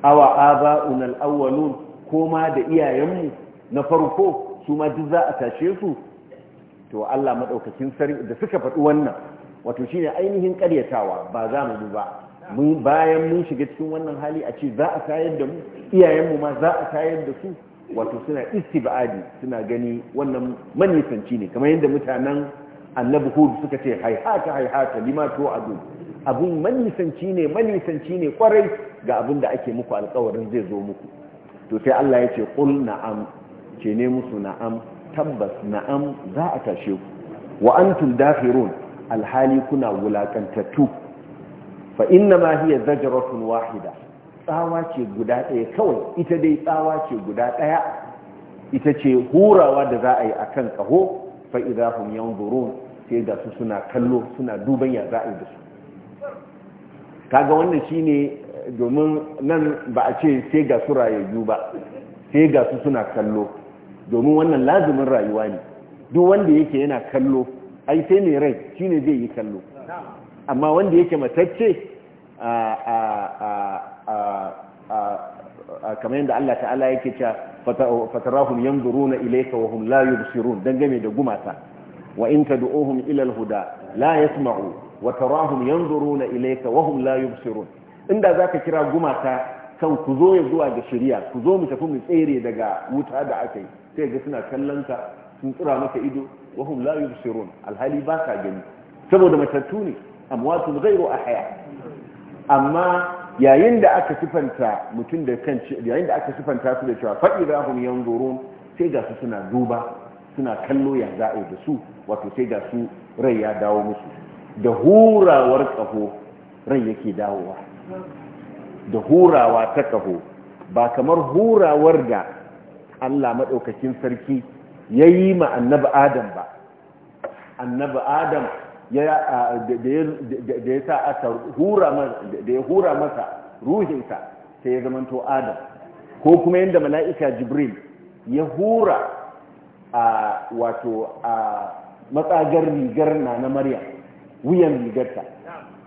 awa aba'una al-awwalun koma da iyayenmu na farko su ma duk za a tashe su to Allah madaukakin sarki da suka faɗi wannan wato shine ainihin ƙaryatawa ba za mu ba bayan mun shiga cikin wannan hali a ce za a tayar da mu iyayenmu ma za a tayar da su wato suna istibadi suna gani wannan manisanci ne kamar yadda mutanen annabi hudu suka ce haihata haihata lima to adu abun manisanci ne manisanci ne kwarai ga abin da ake muku alkawarin zai zo muku to sai Allah ya ce qul na'am ce ne musu na'am tabbas na'am za a tashe ku wa antum dafirun alhali kuna wulakantattu fa inna ma hiya zajratun wahida tsawa ce guda ɗaya kawai ita dai tsawa ce guda ɗaya ita ce hurawa da za a yi akan kaho fa idza hum yanzurun sai da su suna kallo suna duban ya za a yi da su kaga wannan shine domin nan ba a ce sai ga su rayayyu ba sai ga su suna kallo domin wannan lazumin rayuwa ne duk wanda yake yana kallo ai sai mai rai shine zai yi kallo amma wanda yake matacce kamar yadda Allah ta'ala yake cewa fatarahum yanzuruna ilayka wa hum la yubsirun dangane da gumata wa in tad'uhum ila al-huda la yasma'u wa tarahum yanzuruna ilayka wa hum la yubsirun inda zaka kira gumata kan ku zo ya zuwa ga shari'a ku zo mu tafi mu tsere daga wuta da aka yi sai ga suna kallon ka sun tsira maka ido wa hum la yubsirun alhali ba ka gani saboda matattu ne amwatun ghairu ahya amma yayin da aka sifanta mutum da kan yayin da aka sifanta su da cewa fa idahum yanzurun sai ga su suna duba suna kallo ya za'a da su wato sai ga su rai ya dawo musu da hurawar kaho rai yake dawowa da hurawa ta kaho ba kamar hurawar da Allah maɗaukakin sarki ya yi ma annabi Adam ba annabi Adam da ya sa aka hura masa ruhinsa sai ya to adam ko kuma yadda mala'ika jibril ya hura a wato a matsagar rigar na na maryam wuyan rigarta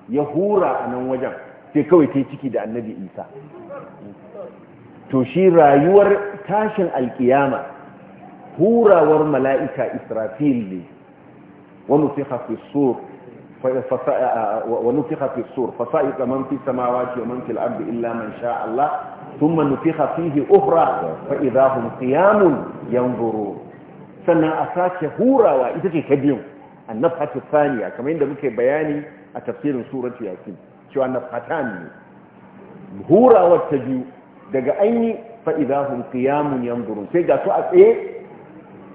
ya hura a nan wajen sai kawai ta ciki da annabi isa to shi rayuwar tashin alkiyama hurawar mala'ika israfil ne ونفخ في الصور ونفخ في الصور فصعق من في السماوات ومن في الأرض إلا من شاء الله ثم نفخ فيه أخرى فإذا هم قيام ينظرون سنة أساك هورا وإذا كبير النفحة الثانية كما عندما كي بياني التفسير سورة ياسين شو النفحتان هورا والتجيو دقا أيني فإذا هم قيام ينظرون سيجا سؤال إيه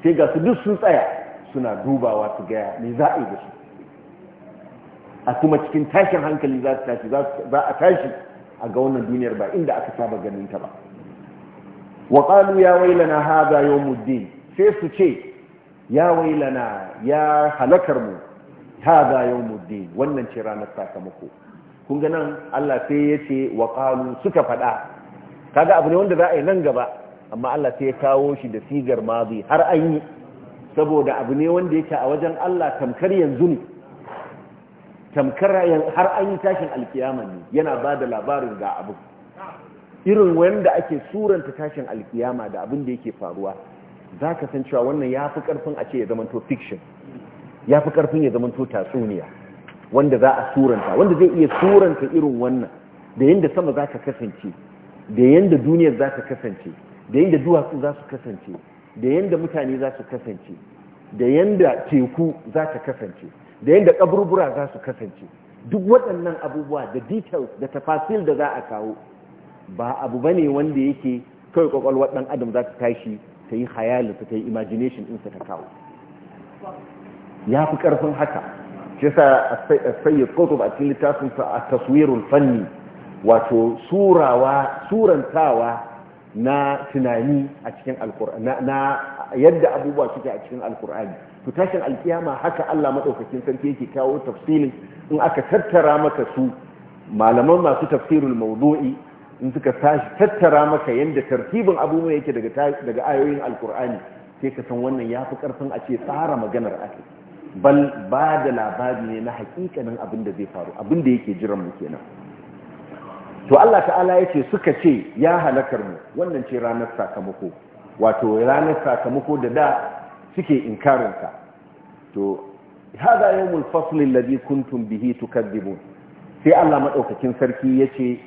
سيجا سدس سؤال suna dubawa su gaya me za a da su a kuma cikin tashin hankali za su tashi za a tashi a ga wannan duniyar ba inda aka saba ganin ta ba wa qalu ya wailana hadha yawmuddin sai su ce ya wailana ya halakar mu hadha yawmuddin wannan ce ranar sakamako kun ga nan Allah sai ya ce wa suka faɗa kaga abu ne wanda za a yi nan gaba amma Allah sai ya kawo shi da sigar mazi har an yi saboda abu ne wanda yake a wajen Allah tamkar yanzu ne tamkar har an yi tashin alkiyama ne yana ba da labarin ga abu irin wanda ake suranta tashin alkiyama da abin da yake faruwa za ka san cewa wannan ya fi karfin a ce ya to fiction ya fi karfin ya to tatsuniya wanda za a suranta wanda zai iya suranta irin wannan da yadda sama za ka kasance da yadda duniyar za ta kasance da yadda duwatsu za su kasance da yanda mutane za su kasance da yanda teku za ta kasance da yanda ƙaburbura za su kasance duk waɗannan abubuwa da details da tafasil da za a kawo ba abu bane wanda yake kawai ƙwaƙwalwa ɗan adam za ta tashi ta yi hayali ta yi imagination ɗinsa ta kawo ya fi ƙarfin haka shi sa sayyid kotub a cikin littafinsa a taswirul fanni wato surawa surantawa na tunani a cikin alkur'ani na yadda abubuwa suke a cikin alkur'ani to tashin alkiyama haka Allah madaukakin sarki yake kawo tafsirin in aka tattara maka su malaman masu tafsirul mawdu'i in suka tashi tattara maka yadda tartibin abubuwa yake daga daga ayoyin alkur'ani sai ka san wannan yafi karfin a ce tsara maganar ake bal ba da labari ne na hakikanin abin da zai faru abin da yake jiran mu kenan to Allah ta'ala ya ce suka ce ya halakar mu wannan ce ranar sakamako wato ranar sakamako da da suke inkarinsa to hada yawmul fasl alladhi kuntum bihi tukadzibun sai Allah madaukakin sarki yace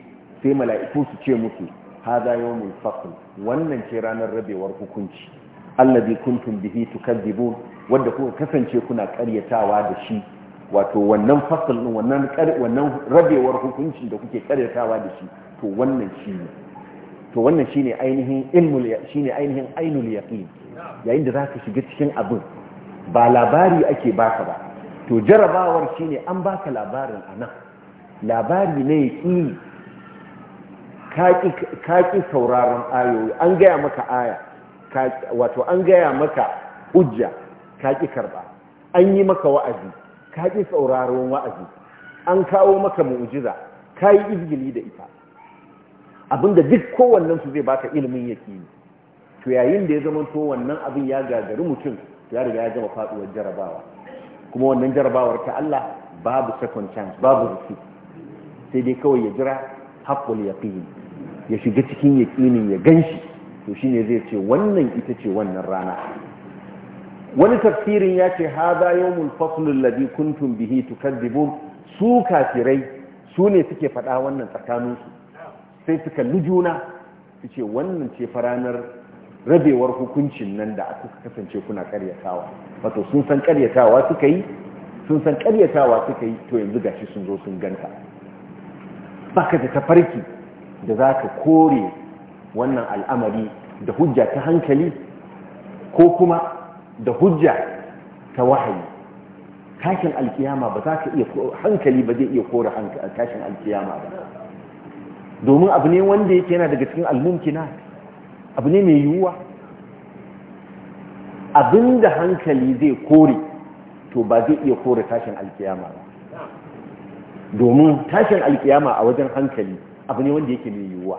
sai mala'iku su ce musu hada yawmul fasl wannan ce ranar rabewar hukunci alladhi kuntum bihi tukadzibun wanda kuka kasance kuna karyatawa da shi wato wannan fasal din wannan wannan rabewar hukuncin da kuke karyatawa da shi to wannan shine to wannan ne ainihin ilmul ne ainihin ainul yaqin yayin da zaka shiga cikin abin ba labari ake baka ba to jarabawar shine an baka labarin a nan labari ne yaqini kaki sauraron ayoyi an gaya maka aya wato an gaya maka hujja kaki karba an yi maka wa'azi ka ji sauraron wa'azi an kawo maka mu'ujiza, ka yi izgili da ita abinda duk kowannen su zai baka ilimin yake to yayin da ya zama to wannan abin ya gagari mutum ya riga ya gama faduwar jarabawa kuma wannan jarabawar ta Allah babu second chance babu rufi sai dai kawai ya jira haqqul yaqin ya shiga cikin yaƙinin ya gan shi to shine zai ce wannan ita ce wannan rana wani tafsirin ya ce haza yawmul faslul ladhi kuntum bihi tukadzibun su kafirai su ne suke faɗa wannan tsakaninsu sai suka lujuna su ce wannan ce faranar rabewar hukuncin nan da aka kasance kuna karyatawa wato sun san karyatawa suka yi sun san karyatawa suka yi to yanzu gashi sun zo sun ganta baka da tafarki da za ka kore wannan al'amari da hujja ta hankali ko kuma da hujja ta wahayi tashin alkiyama ba za ka iya hankali ba zai iya kora tashin alkiyama ba domin abu ne wanda yake yana daga cikin almunkina abu ne mai yiwuwa abin da hankali zai kore to ba zai iya kore tashin alkiyama ba domin tashin alkiyama a wajen hankali abu ne wanda yake mai yiwuwa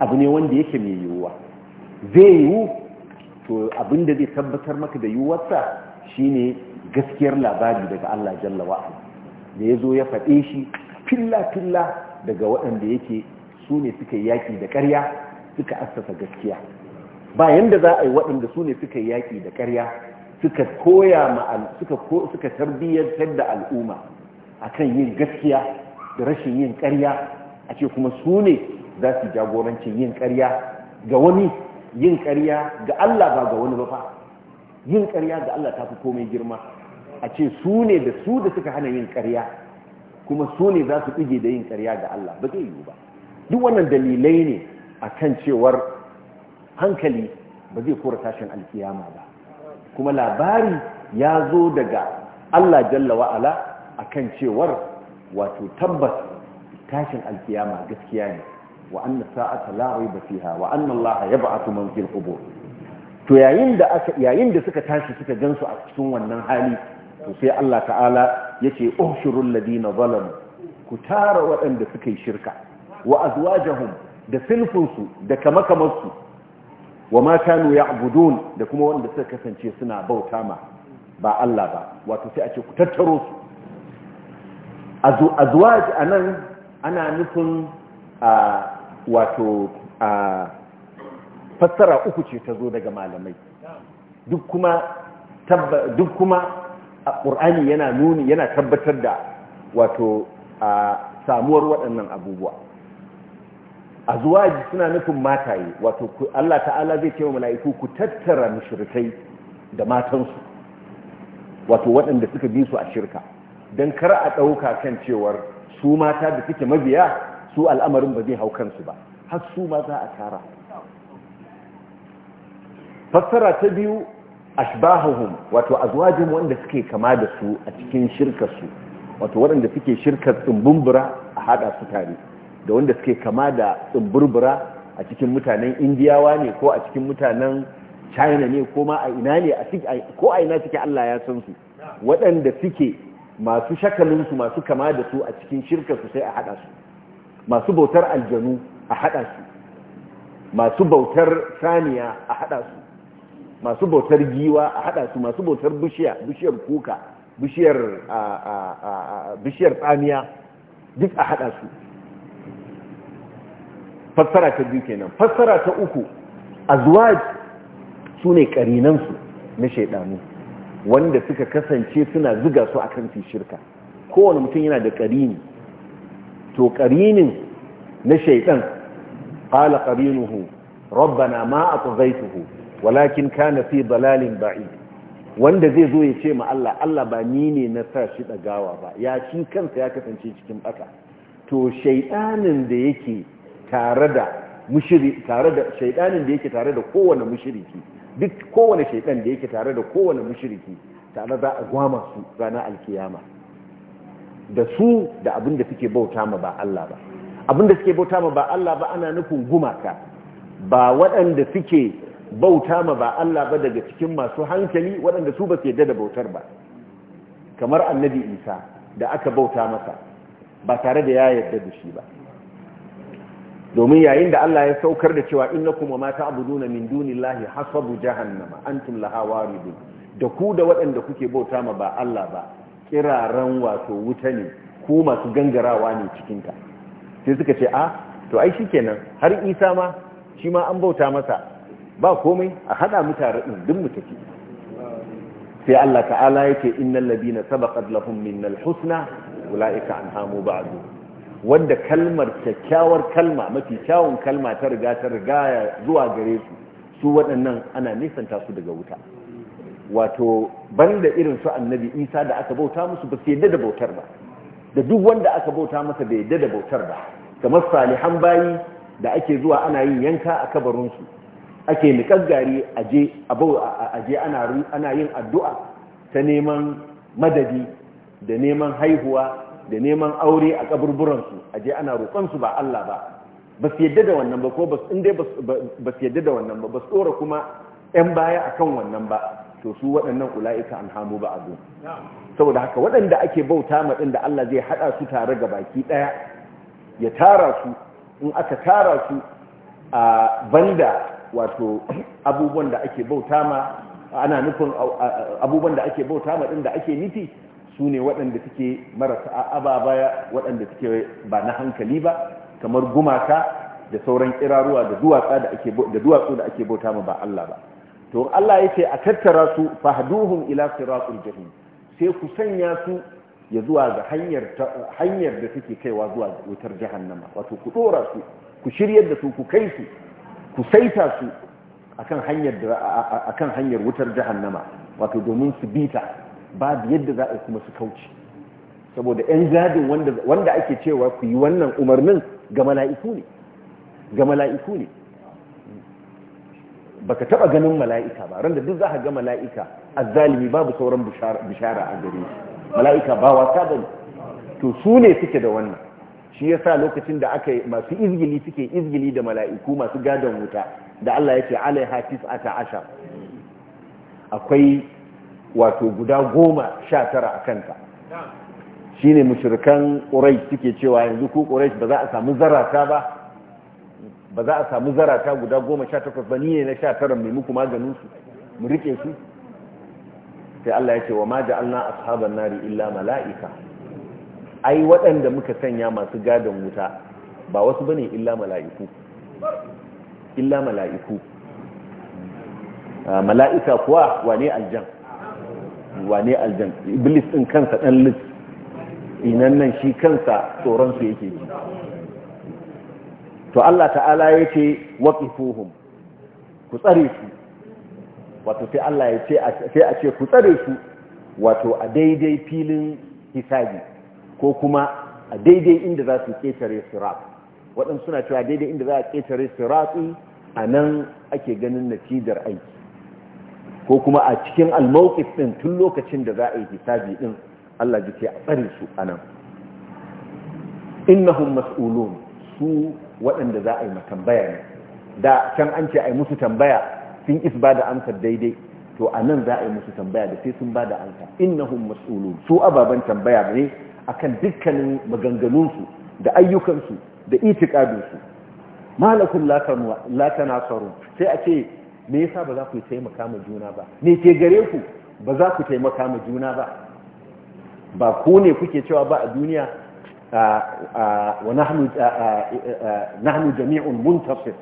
abu ne wanda yake mai yiwuwa zai yiwu to abin da zai tabbatar maka da yiwuwarsa shine gaskiyar labari daga Allah jalla wa'ala da ya zo ya faɗe shi filla-filla daga waɗanda yake su ne suka yi yaƙi da ƙarya suka assasa gaskiya bayan da za a yi waɗanda su ne suka yi yaƙi da ƙarya suka koya ma suka tarbiyyantar da al'umma akan yin gaskiya da rashin yin ƙarya a ce kuma su ne za su jagorancin yin ƙarya ga wani yin ƙarya ga Allah ba ga wani ba yin ƙarya ga Allah ta fi komai girma a ce su ne da su da suka hana yin ƙarya kuma su ne za su ɗige da yin ƙarya ga Allah ba zai yiwu ba duk wannan dalilai ne a kan cewar hankali ba zai kora tashin alkiyama ba kuma labari ya zo daga Allah jalla wa'ala a kan cewar wato tabbas tashin alkiyama gaskiya ne وأن الساعة لا ريب فيها وأن الله يبعث من في القبور to yayin da aka yayin da suka tashi suka gansu a cikin wannan hali to sai Allah ta'ala yace uhshurul ladina zalamu ku tara waɗanda suka yi shirka wa azwajahum da silfinsu da kamakamarsu wa ma kanu ya'budun da kuma wanda suka kasance suna bauta ma ba Allah ba wato sai a ce ku tattaro su azwaj anan ana nufin a ah, wato a fassara uku ce ta zo daga malamai duk kuma duk kuma ƙur'ani yana nuni yana tabbatar da wato a samuwar waɗannan abubuwa a zuwa suna nufin mataye wato Allah ta'ala zai ce wa mala'iku ku tattara mushrikai da matansu wato waɗanda suka bi su a shirka don kar a ɗauka kan cewar su mata da suke mabiya su al'amarin ba zai hau kansu ba har su ma za a tara fassara ta biyu ashbahuhum wato azwajin wanda suke kama da su a cikin shirkar wato waɗanda suke shirkar tsumbumbura a hada su tare da wanda suke kama da tsumbumbura a cikin mutanen indiyawa ne ko a cikin mutanen china ne ko ma a ina ne ko a ina suke allah ya san su waɗanda suke masu shakalinsu masu kama da su a cikin shirka su sai a haɗa su masu bautar aljanu a haɗa su masu bautar saniya a haɗa su masu bautar giwa a haɗa su masu bautar bishiya bishiyar kuka bishiyar tsamiya duk a haɗa su fassara ta biyu kenan fassara ta uku azwaj su ne ƙarinansu na shaidanu wanda suka kasance suna zuga su akan fi shirka kowane mutum yana da ƙarini to ƙarinin na shaitan qala qarinuhu rabbana ma atghaytuhu walakin kana fi dalalin ba'id wanda zai zo ya ce ma Allah Allah ba ni ne na sa shi dagawa ba ya shi kansa ya kasance cikin baka to shaiɗanin da yake tare da mushiri tare da da yake tare da kowane mushiriki duk kowane shaiɗan da yake tare da kowane mushiriki tare za a gwama su ranar alkiyama da su da abin da suke bauta ma ba Allah ba abin da suke bauta ma ba Allah ba ana nufin gumaka ba waɗanda suke bauta ma ba Allah ba daga cikin masu hankali waɗanda su ba su yadda da bautar ba kamar annabi isa da aka bauta masa ba tare da ya yadda da shi ba domin yayin da Allah ya saukar da cewa innakum wa ma ta'buduna min dunillahi hasabu jahannama antum laha waridun da ku da waɗanda kuke bauta ma ba Allah ba kiraren wato wuta ne ko masu gangarawa ne cikinta sai suka ce a ah, to ai shi kenan har isa ma shi ma an bauta masa ba komai a hada mutare din duk mutaki sai Allah ta'ala yake innal ladina sabaqat lahum minnal husna ulaika anhamu ba'du wanda kalmar kyakkyawar kalma mafi kyawun kalma ta riga ta riga zuwa gare su su waɗannan ana nisan tasu daga wuta wato banda irin su annabi isa da aka bauta musu ba su yadda da bautar ba da duk wanda aka bauta masa bai yadda da bautar ba kamar salihan bayi da ake zuwa ana yin yanka a kabarinsu ake aje a je ana yin addu'a ta neman madadi da neman haihuwa da neman aure a kaburburansu a je ana roƙonsu ba Allah ba ba su yadda da wannan ba ko ba su yadda da wannan ba ba tsora kuma ‘yan baya akan wannan ba to su waɗannan ula'ika an hamu ba abu saboda haka waɗanda ake bauta maɗin da Allah zai haɗa su tare ga baki ɗaya ya tara su in aka tara su a banda wato abubuwan da ake bauta ma ana nufin abubuwan da ake bauta ma ɗin da ake nufi su ne waɗanda suke marasa ababa waɗanda suke ba na hankali ba kamar gumaka da sauran kiraruwa da duwatsu da ake bauta ma ba Allah ba to Allah yake a tattara su fahduhum ila siratul jahim sai ku sanya su ya zuwa ga hanyar hanyar da suke kaiwa zuwa wutar jahannama wato ku dora su ku shiryar da su ku kai su ku saita su akan hanyar akan hanyar wutar jahannama wato domin su bita ba da yadda za a kuma su kauce saboda yan gadin wanda wanda ake cewa ku yi wannan umarnin ga mala'iku ne ga mala'iku ne baka taba ganin mala'ika ba randa duk zaka ga mala'ika azzalimi babu sauran bishara a gare shi mala'ika ba ta bane to su ne suke da wannan shi yasa lokacin da aka masu izgili suke izgili da mala'iku masu gadon wuta da Allah ya ce hafis ata asha akwai wato guda goma sha tara a kanta shine mushrikan quraish suke cewa yanzu ko quraish ba za a samu zarata ba ba za a samu zarata guda goma sha takwas ba ni ne na sha tara mai muku maganin su mu rike su sai Allah ya ce wa ma ja'alna ashaban nari illa mala'ika ai waɗanda muka sanya masu gadon wuta ba wasu bane illa mala'iku illa mala'iku ah, mala'ika kuwa wane aljan wane aljan iblis din kansa dan lis inan nan shi kansa tsoron su yake ji to Allah ta'ala ya ce waqifuhum ku tsare su wato sai Allah ya ce a ce ku tsare su wato a daidai filin hisabi ko kuma a daidai inda za su ƙetare sirat waɗansu suna cewa daidai inda za a ƙetare sirati a nan ake ganin natijar aiki ko kuma a cikin almauƙif ɗin tun lokacin da za a yi hisabi ɗin Allah ji ce a tsare su a nan innahum mas'ulun su waɗanda za a yi tambaya ne da can an ce a yi musu tambaya sun is ba da amsar daidai to a nan za a yi musu tambaya da sai sun ba da amsa innahum mas'ulu su ababen tambaya ne akan dukkanin maganganunsu da ayyukansu da itikadinsu malakun na tsaro sai a ce me yasa ba za ku taimaka ma juna ba me ke gare ku ba za ku taimaka ma juna ba ba ku ne kuke cewa ba a duniya ونحن نحن جميع منتصر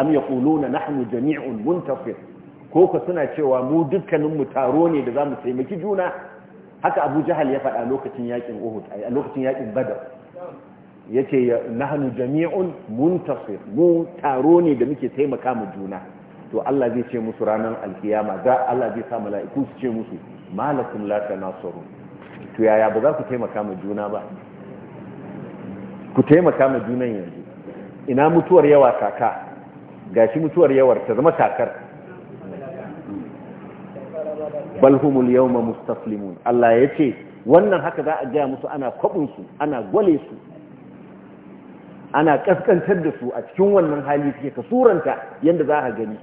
أم يقولون نحن جميع منتصر كوكا سنة شوى مو دكا نمتاروني لذا taimaki juna haka abuja jahal ya faɗa lokacin yakin uhud a lokacin yakin badar ya ce nahanu jami'un muntasir mu taro ne da muke taimaka juna to Allah zai ce musu ranar alkiyama za Allah zai sa mala'iku su ce musu malakum la tanasuru to yaya ba za ku taimaka mu juna ba ku taimaka ma junan yanzu ina mutuwar yawa kaka gashi mutuwar yawar ta zama kakar balhumul yawma mustaslimun Allah ya ce wannan haka za a gaya musu ana su, ana gwale su ana kaskantar da su a cikin wannan hali suke ka suranta yadda za a gani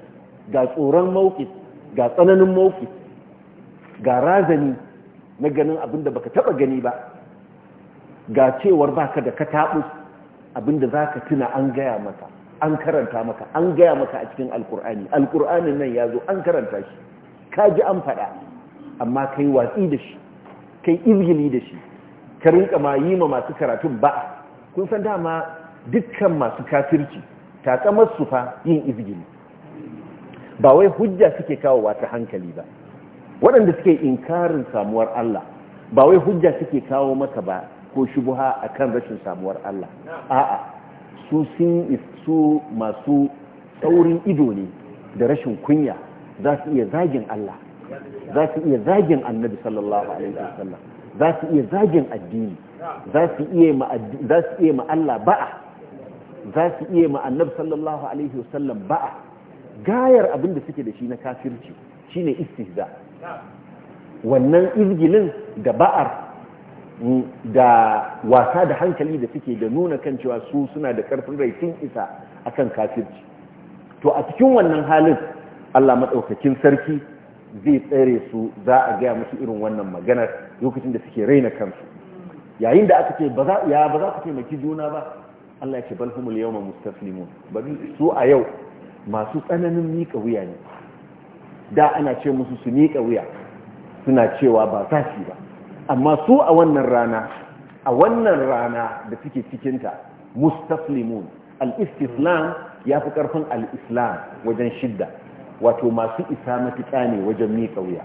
ga tsoron mawukis ga tsananin mawukis ga razani na ganin abinda baka taba gani ba ga cewar baka da katabus abinda za ka tuna an gaya maka an karanta maka an gaya maka a cikin alkur'ani alkur'anin nan ya zo an karanta shi ka ji an faɗa amma ka yi watsi da shi ka yi izgili da shi ka rinka ma yi ma masu karatun ba kun san dama dukkan masu kafirci takamar su fa yin izgili ba wai hujja suke kawo wata hankali ba waɗanda suke inkarin samuwar Allah ba wai hujja suke kawo maka ba ko shubuha akan rashin samuwar Allah a'a su sun su masu saurin ido ne da rashin kunya za su iya zagin Allah za su iya zagin annabi sallallahu alaihi wasallam za su iya zagin addini za su iya ma Allah ba'a za su iya ma annabi sallallahu alaihi wasallam ba'a gayar abin da suke da shi na kafirci shine istihza wannan izgilin da ba'ar da wasa da hankali da suke da nuna kan cewa su suna da karfin rai sun isa akan kafirci to a cikin wannan halin Allah matsaukakin sarki zai tsere su za a gaya musu irin wannan maganar lokacin da suke raina kansu yayin da aka ce ya ba za ku taimaki juna ba Allah ya ce bal humul yawma mustaslimun bari su a yau masu tsananin miƙa wuya ne da ana ce musu su miƙa wuya suna cewa ba za su ba amma su a wannan rana a wannan rana da suke cikinta mustaslimun al-istislam ya fi ƙarfin al-islam wajen shidda wato masu isa matuƙa ne wajen miƙa wuya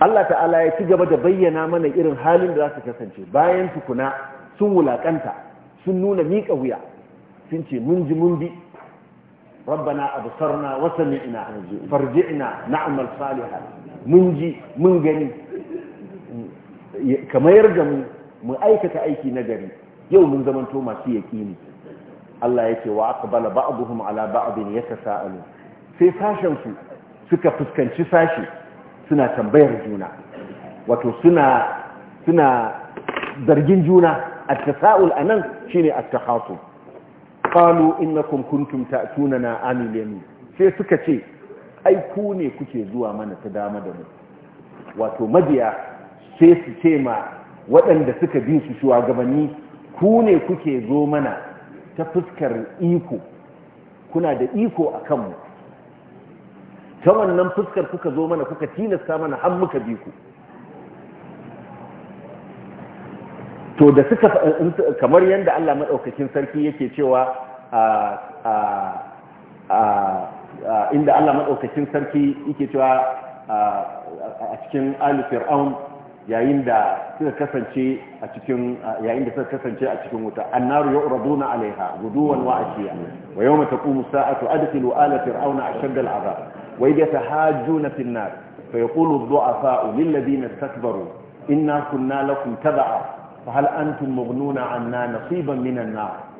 Allah ta'ala ya ci gaba da bayyana mana irin halin da za su kasance bayan tukuna sun wulaƙanta sun nuna miƙa wuya sun ce mun ji mun bi rabbana absarna wa sami'na farji'na na'mal salihan mun ji mun gani ka mayar da mu mu aikata aiki na gari yau mun zamanto masu yaƙini Allah ya ce wa aqbala ba'dhum ala ba'din yatasaalu sai sashen su suka fuskanci sashi suna tambayar juna wato suna suna zargin juna at anan shine at-takhasum qalu innakum kuntum ta'tunana na yamin sai suka ce ai ku ne kuke zuwa mana ta dama da mu wato mabiya sai su ce ma waɗanda suka bi su shugabanni ku ne kuke zo mana ta fuskar iko kuna da iko a kanmu ta wannan fuskar kuka zo mana kuka tilasta mana har muka bi ku to da suka kamar yadda Allah maɗaukakin sarki yake cewa inda Allah maɗaukakin sarki yake cewa a cikin alifir'aun yayin da suka kasance a cikin yayin da suka kasance a cikin wuta annaru yu'raduna alaiha guduwan wa ashiya wa yawma taqumu sa'atu adkhilu ala fir'auna ashadd al'azab wa yatahajjuna fi an-nar fa yaqulu ad-du'afa'u lil ladina istakbaru inna kunna lakum tab'a fa hal antum mughnuna 'anna nasiban min an-nar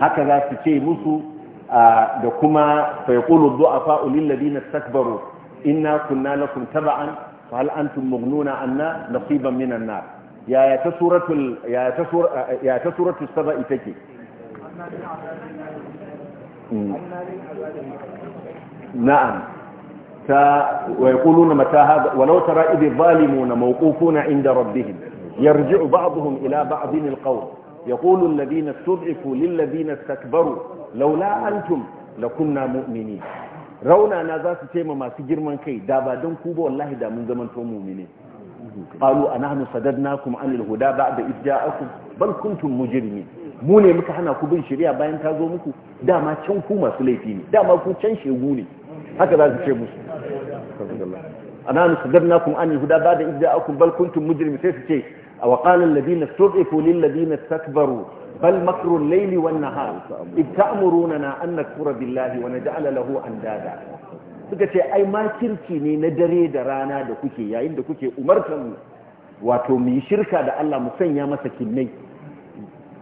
haka za su ce musu da kuma fa yaqulu ad-du'afa'u lil ladina istakbaru inna kunna lakum tab'an فهل أنتم مغنون عنا نصيبا من النار يا تسورة ال... يا تسورة يا تسورة السبع تكي نعم ف... ويقولون متى هذا ولو ترى إذ الظالمون موقوفون عند ربهم يرجع بعضهم إلى بعض القول يقول الذين استضعفوا للذين استكبروا لولا أنتم لكنا مؤمنين rauna na za su ce ma masu girman kai da ba don ku ba wallahi da mun zaman to ne qalu anahnu sadadnakum anil huda ba'da idja'akum bal kuntum mujrimin mu ne muka hana ku bin shari'a bayan ta zo muku dama can ku masu laifi ne dama ku can shegu ne haka za su ce musu anahnu sadadnakum anil huda ba'da idja'akum bal kuntum mujrimin sai su ce wa qala alladhina istud'ifu lil ladina istakbaru بل مكر الليل والنهار إذ تأمروننا أن نكفر بالله ونجعل له أندادا suka ce ai makirci ne na dare da rana da kuke yayin da kuke umartar mu wato mu yi shirka da Allah mu sanya masa kinnai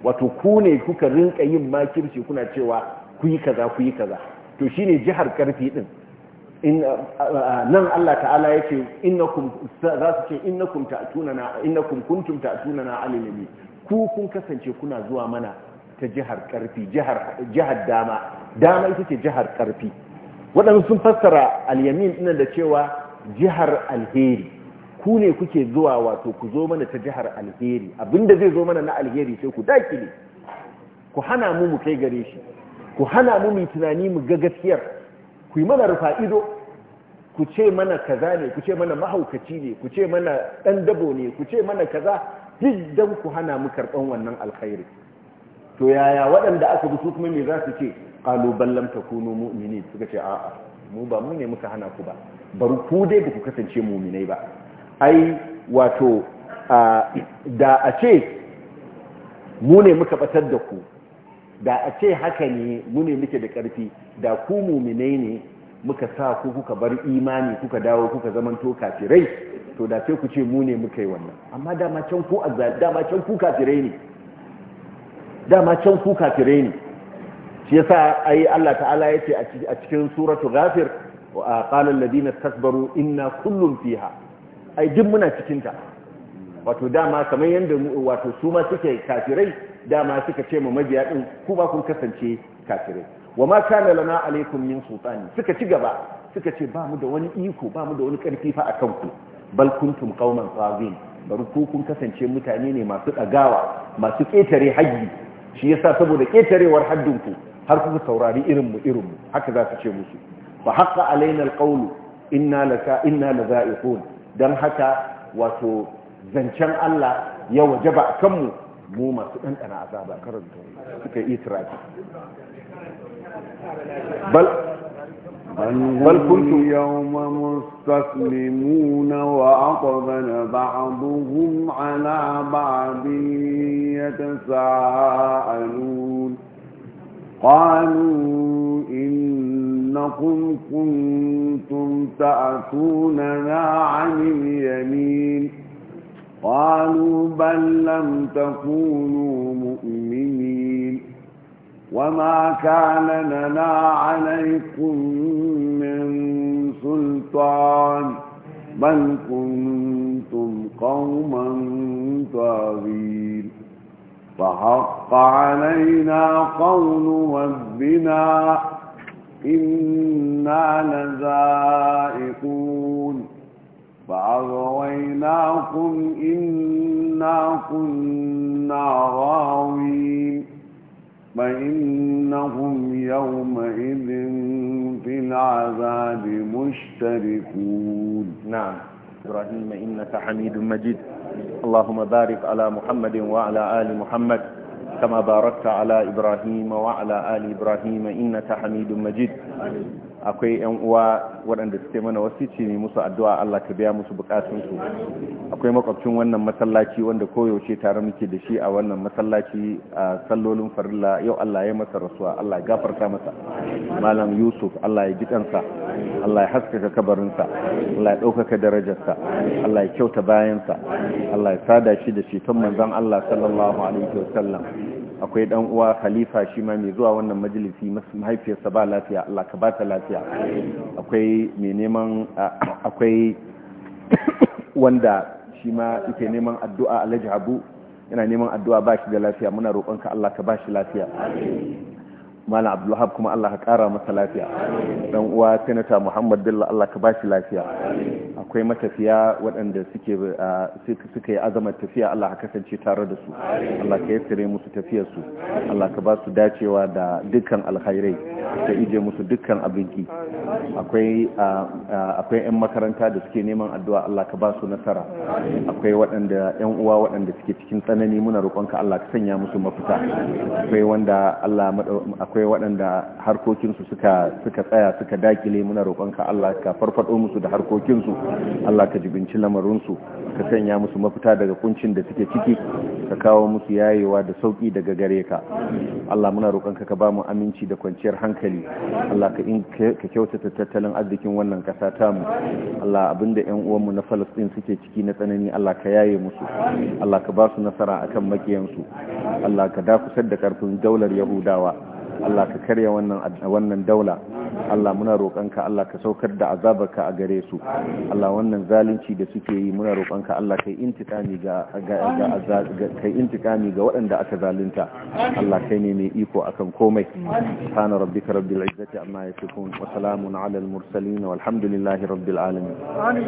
wato ku ne kuka rinka yin makirci kuna cewa ku yi kaza ku yi kaza to shine jihar karfi din in nan Allah ta'ala yake innakum za su ce innakum ta'tunana innakum kuntum ta'tunana alimi ku kun kasance kuna zuwa mana ta jihar karfi jihar dama dama ita ce jihar karfi waɗansu sun fassara alyamin ina da cewa jihar alheri ku ne kuke zuwa wato ku zo mana ta jihar alheri abinda zai zo mana na alheri sai ku dakile ku hana mu mu kai gare shi ku hana mu mu tunani mu ga gaskiyar ku yi mana rufa ido ku ce mana kaza ne ku ce mana mahaukaci ne ku ce mana ɗan dabo ne ku ce mana kaza duk ku hana mu karɓan wannan alkhairi to yaya waɗanda aka bi su kuma me za su ce qalu bal takunu mu'minin suka ce a'a mu ba mu ne muka hana ku ba bari ku dai ba ku kasance mu'minai ba ai wato da a ce mu ne muka batar da ku da a ce haka ne mu ne muke da ƙarfi da ku mu'minai ne muka sa ku kuka bar imani kuka dawo kuka zamanto kafirai to da sai ku ce mu ne muka yi wannan amma dama can ku azza dama can ku kafirai ne dama can ku kafirai ne shi yasa ai Allah ta'ala yace a cikin suratu ghafir wa qala alladhina takbaru inna kullun fiha ai duk muna cikin ta wato dama kamar yanda wato su ma suke kafirai dama suka ce mu majiya din ku ba kun kasance kafirai wa ma kana lana alaikum min sultani suka ci gaba suka ce ba mu da wani iko ba mu da wani karfi fa akan ku bal kuntum qauman tazin bari ku kun kasance mutane ne masu dagawa masu ketare haggi, shi yasa saboda ketarewar haddin ku har kuka saurari irin mu irin mu haka za su ce musu fa haqqa alaina alqawlu inna laka inna lazaiqun dan haka wato zancen Allah ya wajaba akan mu mu masu ɗanɗana azaba karanta suka yi itirafi بل بل كنتم يوم مستسلمون وأقبل بعضهم على بعض يتساءلون قالوا إنكم كنتم تأتوننا عن اليمين قالوا بل لم تكونوا مؤمنين وما كان لنا عليكم من سلطان بل كنتم قوما طاغين فحق علينا قول ربنا إنا لذائقون فأغويناكم إنا كنا غاوين فإنهم يومئذ في العذاب مشتركون نعم إبراهيم إنك حميد مجيد اللهم بارك على محمد وعلى آل محمد كما باركت على إبراهيم وعلى آل إبراهيم إنك حميد مجيد آمين. akwai yan uwa waɗanda suke mana wasici ne musu addu'a Allah ka biya musu bukatunsu akwai makwabcin wannan masallaci wanda koyaushe tare muke da shi a wannan masallaci a sallolin farilla yau Allah ya masa rasuwa Allah ya gafarta masa malam Yusuf Allah ya ji kansa Allah ya haskaka kabarinsa Allah ya ɗaukaka darajarsa Allah ya kyauta bayansa Allah ya sada shi da shi tun manzon Allah sallallahu alaihi wasallam akwai dan uwa khalifa shi ma mai zuwa wannan majalisi mahaifiyarsa ba lafiya Allah ka ba ta lafiya akwai mai neman akwai wanda shi ma yake neman addu'a Alhaji Habu yana neman addu'a ba shi da lafiya muna roƙonka Allah ka ba shi lafiya Malam Abdulhab kuma Allah ka ƙara masa lafiya dan uwa Senator Muhammad Bello Allah ka ba shi lafiya akwai matafiya waɗanda suka yi azamar tafiya Allah ka kasance tare da su Allah ka yi musu tafiyar su Allah ka ba su dacewa da dukkan alkhairai ka ije musu dukkan abinki akwai akwai ƴan makaranta da suke neman addu'a Allah ka ba su nasara akwai waɗanda ƴan uwa waɗanda suke cikin tsanani muna roƙonka Allah ka sanya musu mafita akwai wanda akwai waɗanda harkokinsu su suka suka tsaya suka dakile muna roƙonka Allah ka farfado musu da harkokinsu. Allah ka jibinci lamarinsu ka sanya musu mafita daga kuncin da suke ciki ka kawo musu yayewa da sauki daga gare ka Allah muna roƙon ka ba mu aminci da kwanciyar hankali Allah ka in ka kyautata tattalin arzikin wannan ƙasa ta mu Allah abinda ƴan uwanmu na Palestine suke ciki na tsanani Allah ka yaye musu Allah ka ba su nasara akan makiyansu Allah ka dakusar da ƙarfin daular Yahudawa Allah ka karya wannan daula Allah muna roƙonka Allah ka saukar da azabarka a gare su Allah wannan zalunci da suke yi muna roƙonka Allah kai intikami ga ga intikami ga waɗanda aka zalunta Allah kai ne mai iko akan komai subhana rabbika rabbil izzati amma yasifun wa salamun ala al mursalin walhamdulillahi rabbil alamin